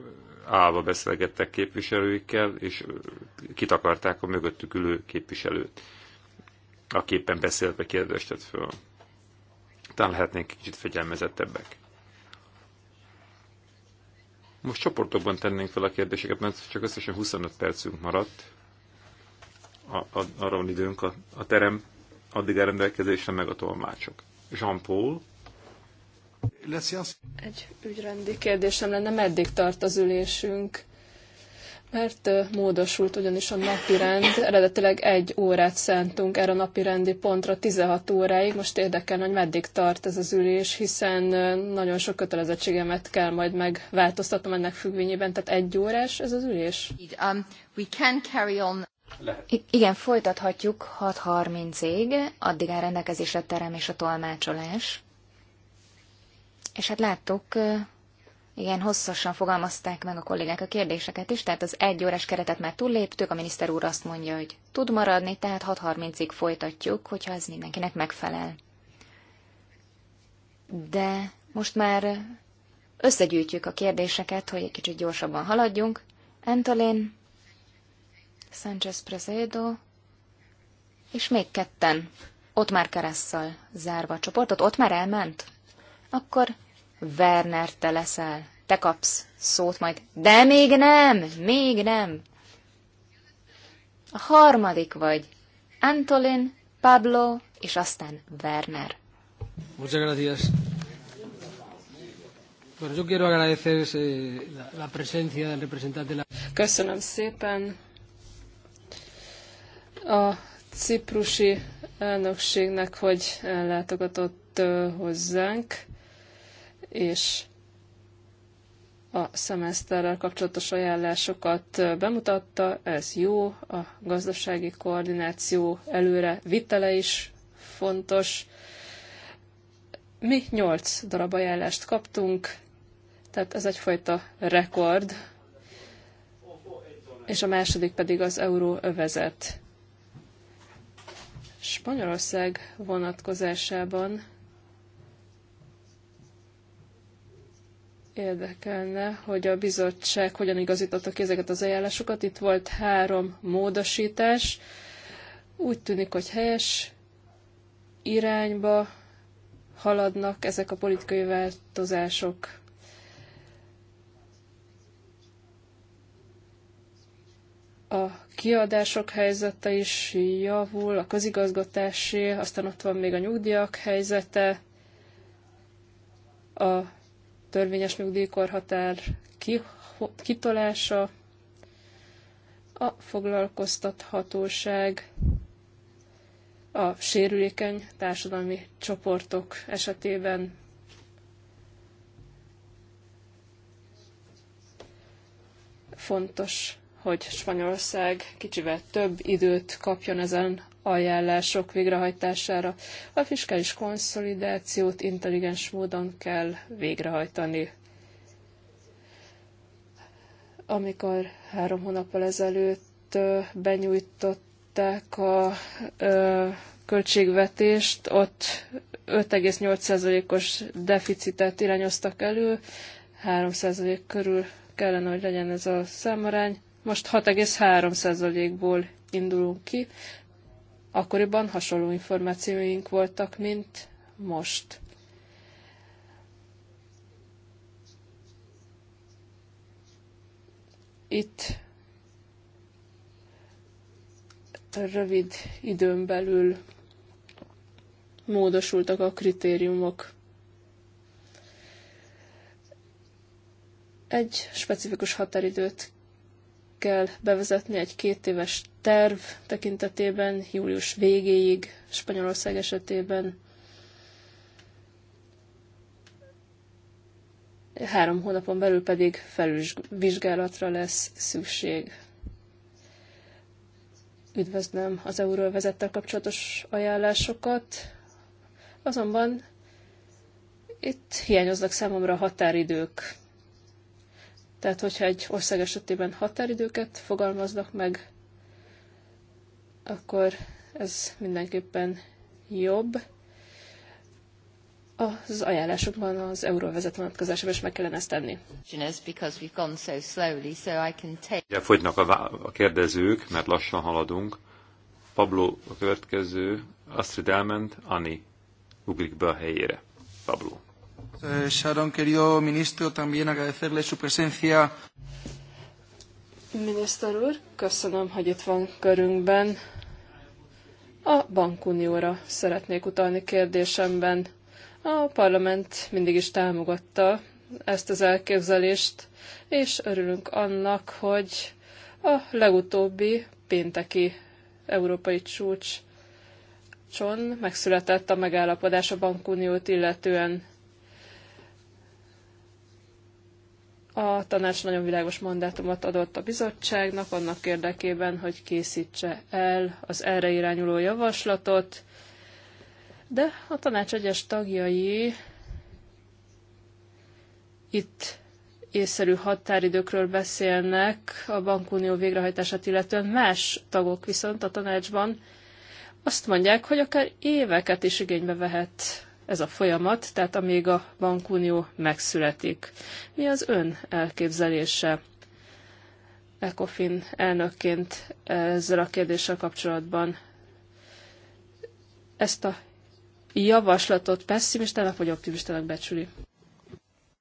állva beszélgettek képviselőikkel, és kitakarták a mögöttük ülő képviselőt aki éppen beszélt, vagy kérdeztet föl. Talán lehetnénk kicsit fegyelmezettebbek. Most csoportokban tennénk fel a kérdéseket, mert csak összesen 25 percünk maradt. A, a, arra van időnk a, a terem, addig a meg a tolmácsok. Jean-Paul. Egy ügyrendi kérdésem lenne, meddig tart az ülésünk? mert módosult ugyanis a napirend. Eredetileg egy órát szántunk erre a napirendi pontra 16 óráig. Most érdekel, hogy meddig tart ez az ülés, hiszen nagyon sok kötelezettségemet kell majd megváltoztatnom ennek függvényében. Tehát egy órás ez az ülés? Um, we can carry on. I igen, folytathatjuk 6.30-ig, addig áll rendelkezésre terem és a tolmácsolás. És hát láttuk, igen, hosszasan fogalmazták meg a kollégák a kérdéseket is, tehát az egy órás keretet már túlléptük, a miniszter úr azt mondja, hogy tud maradni, tehát 6.30-ig folytatjuk, hogyha ez mindenkinek megfelel. De most már összegyűjtjük a kérdéseket, hogy egy kicsit gyorsabban haladjunk. Antolin, Sánchez Presedo és még ketten, ott már Karasszal zárva a csoportot, ott már elment. Akkor Werner, te leszel. Te kapsz szót majd. De még nem, még nem. A harmadik vagy. Antolin, Pablo, és aztán Werner. Muchas gracias. Bueno, yo quiero agradecer eh, la, la presencia del representante de la... Köszönöm szépen. A ciprusi elnökségnek, hogy ellátogatott hozzánk és a szemeszterrel kapcsolatos ajánlásokat bemutatta, ez jó, a gazdasági koordináció előre vitele is fontos. Mi nyolc darab ajánlást kaptunk, tehát ez egyfajta rekord, és a második pedig az euróövezet. Spanyolország vonatkozásában Érdekelne, hogy a bizottság hogyan igazította ki ezeket az ajánlásokat. Itt volt három módosítás. Úgy tűnik, hogy helyes irányba haladnak ezek a politikai változások. A kiadások helyzete is javul, a közigazgatási, aztán ott van még a nyugdíjak helyzete, a törvényes nyugdíjkorhatár kitolása, a foglalkoztathatóság a sérülékeny társadalmi csoportok esetében fontos, hogy Spanyolország kicsivel több időt kapjon ezen ajánlások végrehajtására. A fiskális konszolidációt intelligens módon kell végrehajtani. Amikor három hónappal ezelőtt benyújtották a költségvetést, ott 5,8%-os deficitet irányoztak elő, 3% körül kellene, hogy legyen ez a számarány. Most 6,3%-ból indulunk ki, Akkoriban hasonló információink voltak, mint most. Itt rövid időn belül módosultak a kritériumok. Egy specifikus határidőt kell bevezetni egy két éves terv tekintetében július végéig Spanyolország esetében. Három hónapon belül pedig felülvizsgálatra lesz szükség. Üdvözlöm az vezettel kapcsolatos ajánlásokat, azonban itt hiányoznak számomra a határidők tehát, hogyha egy ország esetében határidőket fogalmaznak meg, akkor ez mindenképpen jobb. Az ajánlásokban az euróvezet vonatkozásában is meg kellene ezt tenni. Ja, fogynak a, a kérdezők, mert lassan haladunk. Pablo a következő, Astrid elment, Ani ugrik be a helyére. Pablo. Eh, Sharon, querido ministro, también agradecerle su presencia. Miniszter úr, köszönöm, hogy itt van körünkben. A bankunióra szeretnék utalni kérdésemben. A parlament mindig is támogatta ezt az elképzelést, és örülünk annak, hogy a legutóbbi pénteki európai csúcs megszületett a megállapodás a bankuniót illetően. A tanács nagyon világos mandátumot adott a bizottságnak annak érdekében, hogy készítse el az erre irányuló javaslatot, de a tanács egyes tagjai itt észszerű határidőkről beszélnek a bankunió végrehajtását illetően, más tagok viszont a tanácsban azt mondják, hogy akár éveket is igénybe vehet ez a folyamat, tehát amíg a bankunió megszületik. Mi az ön elképzelése? ECOFIN elnökként ezzel a kérdéssel kapcsolatban ezt a javaslatot pessimistának vagy optimistának becsüli?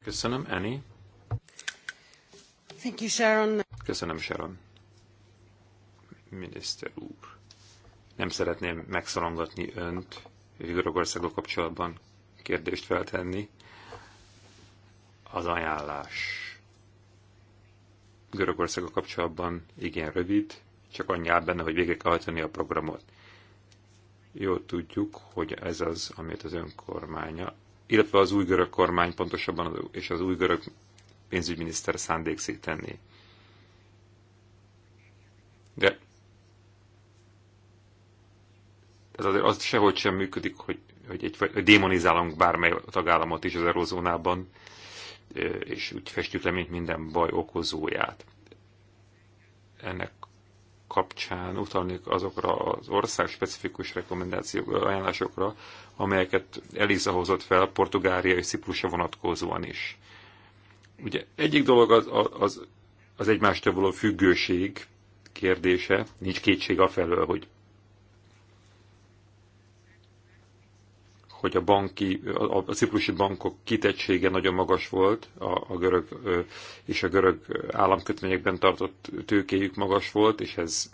Köszönöm, Annie. Thank you, Sharon. Köszönöm, Sharon. Miniszter úr, nem szeretném megszorongatni önt, Görögországgal kapcsolatban kérdést feltenni. Az ajánlás Görögországgal kapcsolatban igen rövid, csak annyi áll benne, hogy végre kell hajtani a programot. Jó tudjuk, hogy ez az, amit az önkormánya, illetve az új görög kormány pontosabban, és az új görög pénzügyminiszter szándékszik tenni. Ez azért az sehogy sem működik, hogy, hogy egy, hogy démonizálunk bármely tagállamot is az eurozónában, és úgy festjük le, mint minden baj okozóját. Ennek kapcsán utalnék azokra az ország specifikus rekomendációkra, ajánlásokra, amelyeket Eliza hozott fel Portugália és Ciprusa vonatkozóan is. Ugye egyik dolog az, az, az egymástól való függőség kérdése, nincs kétség a felől, hogy hogy a banki, a, a ciprusi bankok kitettsége nagyon magas volt, a, a görög és a görög államkötvényekben tartott tőkéjük magas volt, és ez,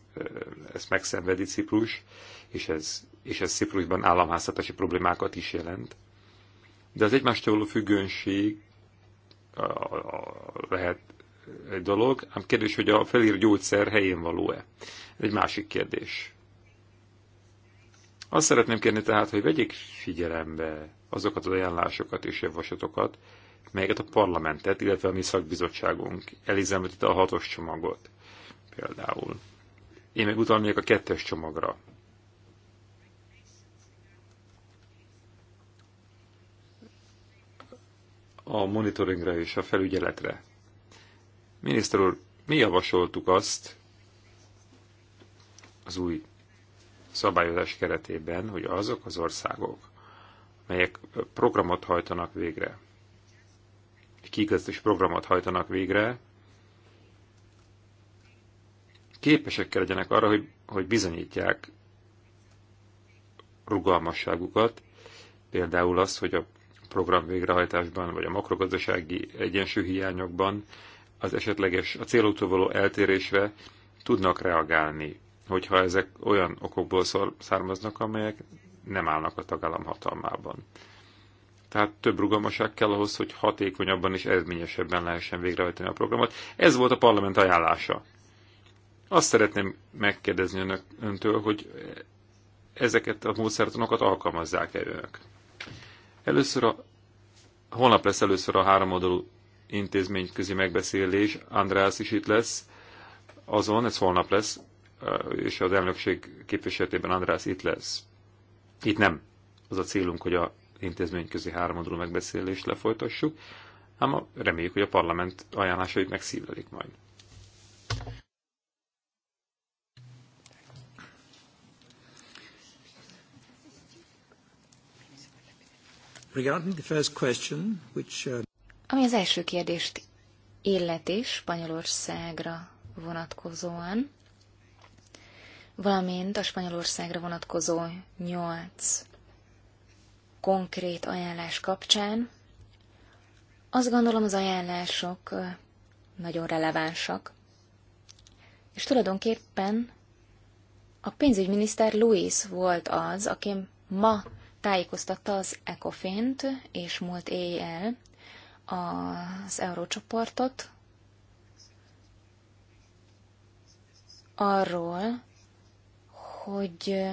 ez megszenvedi Ciprus, és ez, és ez Ciprusban államháztatási problémákat is jelent. De az egymástól való függőség a, a, a, lehet egy dolog, ám kérdés, hogy a felír gyógyszer helyén való-e? Ez egy másik kérdés. Azt szeretném kérni tehát, hogy vegyék figyelembe azokat az ajánlásokat és javaslatokat, melyeket a parlamentet, illetve a mi szakbizottságunk elizemlítette a hatos csomagot például. Én meg utalnék a kettes csomagra. A monitoringra és a felügyeletre. Miniszter úr, mi javasoltuk azt az új szabályozás keretében, hogy azok az országok, melyek programot hajtanak végre, kiigazítás programot hajtanak végre, képesek kell legyenek arra, hogy, hogy bizonyítják rugalmasságukat, például az, hogy a program végrehajtásban, vagy a makrogazdasági egyensúlyhiányokban az esetleges a céloktól való eltérésre tudnak reagálni hogyha ezek olyan okokból származnak, amelyek nem állnak a tagállam hatalmában. Tehát több rugalmaság kell ahhoz, hogy hatékonyabban és eredményesebben lehessen végrehajtani a programot. Ez volt a parlament ajánlása. Azt szeretném megkérdezni önök, öntől, hogy ezeket a módszertanokat alkalmazzák -e önök. Először a, holnap lesz először a háromoldalú intézményközi megbeszélés, András is itt lesz, azon, ez holnap lesz, és az elnökség képviseletében András itt lesz. Itt nem. Az a célunk, hogy a intézményközi háromadról megbeszélést lefolytassuk, ám reméljük, hogy a parlament ajánlásait megszívlelik majd. the first question, which, uh, Ami az első kérdést illeti Spanyolországra vonatkozóan, valamint a Spanyolországra vonatkozó nyolc konkrét ajánlás kapcsán. Azt gondolom, az ajánlások nagyon relevánsak, és tulajdonképpen a pénzügyminiszter Luis volt az, aki ma tájékoztatta az ECOFINT és múlt éjjel az eurócsoportot arról, hogy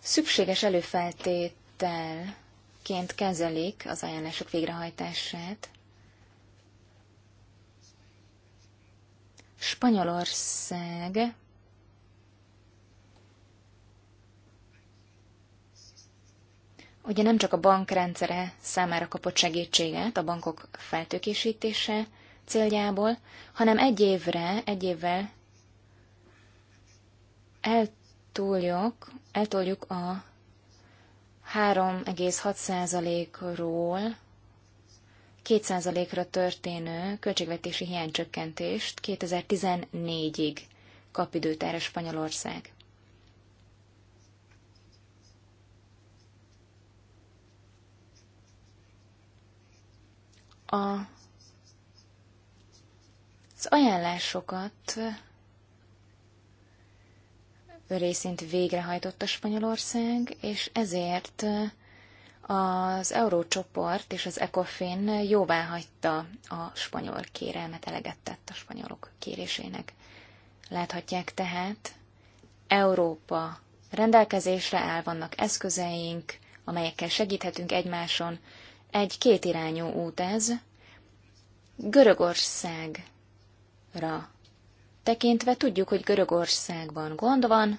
szükséges előfeltételként kezelik az ajánlások végrehajtását. Spanyolország ugye nem csak a bankrendszere számára kapott segítséget a bankok feltőkésítése céljából, hanem egy évre, egy évvel el eltúljuk, eltoljuk a 3,6%-ról 2%-ra történő költségvetési hiánycsökkentést 2014-ig kap időt erre Spanyolország. A, az ajánlásokat részint a Spanyolország, és ezért eh, az Eurócsoport és az ECOFIN jóvá hagyta a spanyol kérelmet, eleget tett a spanyolok kérésének. Láthatják tehát, Európa rendelkezésre áll, vannak eszközeink, amelyekkel segíthetünk egymáson. Egy kétirányú út ez. Görögországra tekintve tudjuk, hogy Görögországban gond van,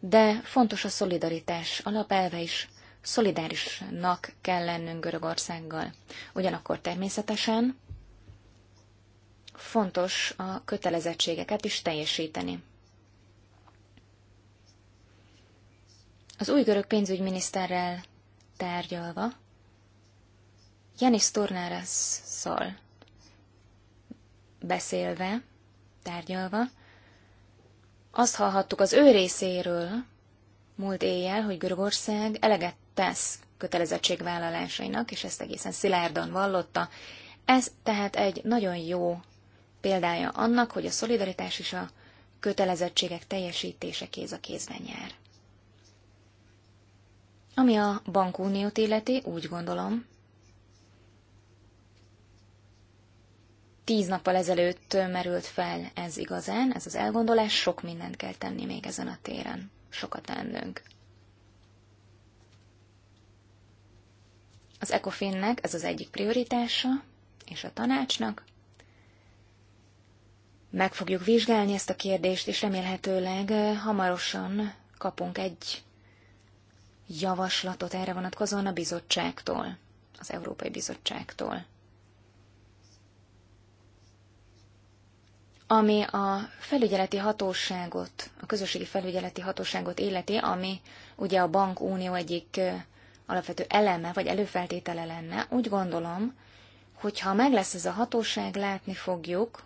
de fontos a szolidaritás alapelve is. Szolidárisnak kell lennünk Görögországgal. Ugyanakkor természetesen fontos a kötelezettségeket is teljesíteni. Az új görög pénzügyminiszterrel tárgyalva Janis Tornárasszal beszélve tárgyalva. Azt hallhattuk az ő részéről múlt éjjel, hogy Görögország eleget tesz kötelezettségvállalásainak, és ezt egészen szilárdan vallotta. Ez tehát egy nagyon jó példája annak, hogy a szolidaritás is a kötelezettségek teljesítése kéz a kézben jár. Ami a bankuniót illeti, úgy gondolom, tíz nappal ezelőtt merült fel ez igazán, ez az elgondolás, sok mindent kell tenni még ezen a téren. Sokat tennünk. Az ECOFIN-nek ez az egyik prioritása, és a tanácsnak. Meg fogjuk vizsgálni ezt a kérdést, és remélhetőleg eh, hamarosan kapunk egy javaslatot erre vonatkozóan a bizottságtól, az Európai Bizottságtól. Ami a felügyeleti hatóságot, a közösségi felügyeleti hatóságot életi, ami ugye a bankunió egyik alapvető eleme vagy előfeltétele lenne, úgy gondolom, hogy ha meg lesz ez a hatóság, látni fogjuk,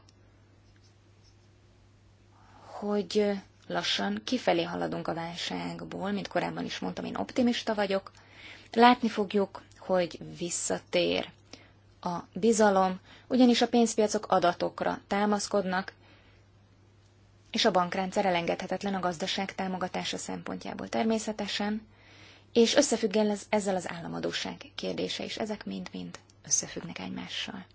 hogy lassan kifelé haladunk a válságból, mint korábban is mondtam, én optimista vagyok. Látni fogjuk, hogy visszatér a bizalom, ugyanis a pénzpiacok adatokra támaszkodnak, és a bankrendszer elengedhetetlen a gazdaság támogatása szempontjából természetesen, és összefügg ez, ezzel az államadóság kérdése is. Ezek mind-mind összefüggnek egymással.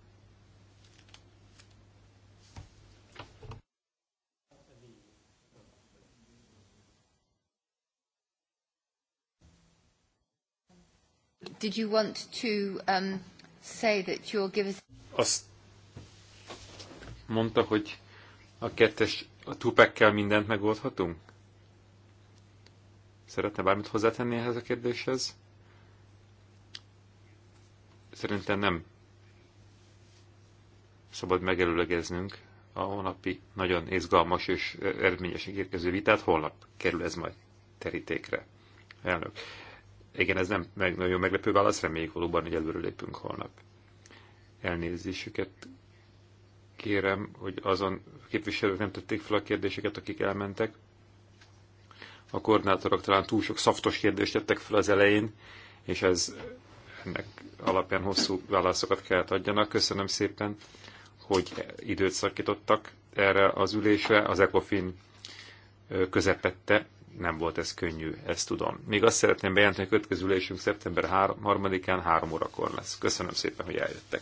Did you want to um, azt mondta, hogy a kettes, a tupekkel mindent megoldhatunk? Szeretne bármit hozzátenni ehhez a kérdéshez? Szerintem nem szabad megelőlegeznünk a holnapi nagyon izgalmas és eredményesen érkező vitát. Holnap kerül ez majd terítékre. Elnök. Igen, ez nem meg, nagyon meglepő válasz, reméljük valóban, hogy előre lépünk holnap. Elnézésüket kérem, hogy azon képviselők nem tették fel a kérdéseket, akik elmentek. A koordinátorok talán túl sok szaftos kérdést tettek fel az elején, és ez ennek alapján hosszú válaszokat kellett adjanak. Köszönöm szépen, hogy időt szakítottak erre az ülésre. Az ECOFIN közepette nem volt ez könnyű, ezt tudom. Még azt szeretném bejelenteni, hogy a következő ülésünk szeptember 3-án 3 órakor lesz. Köszönöm szépen, hogy eljöttek.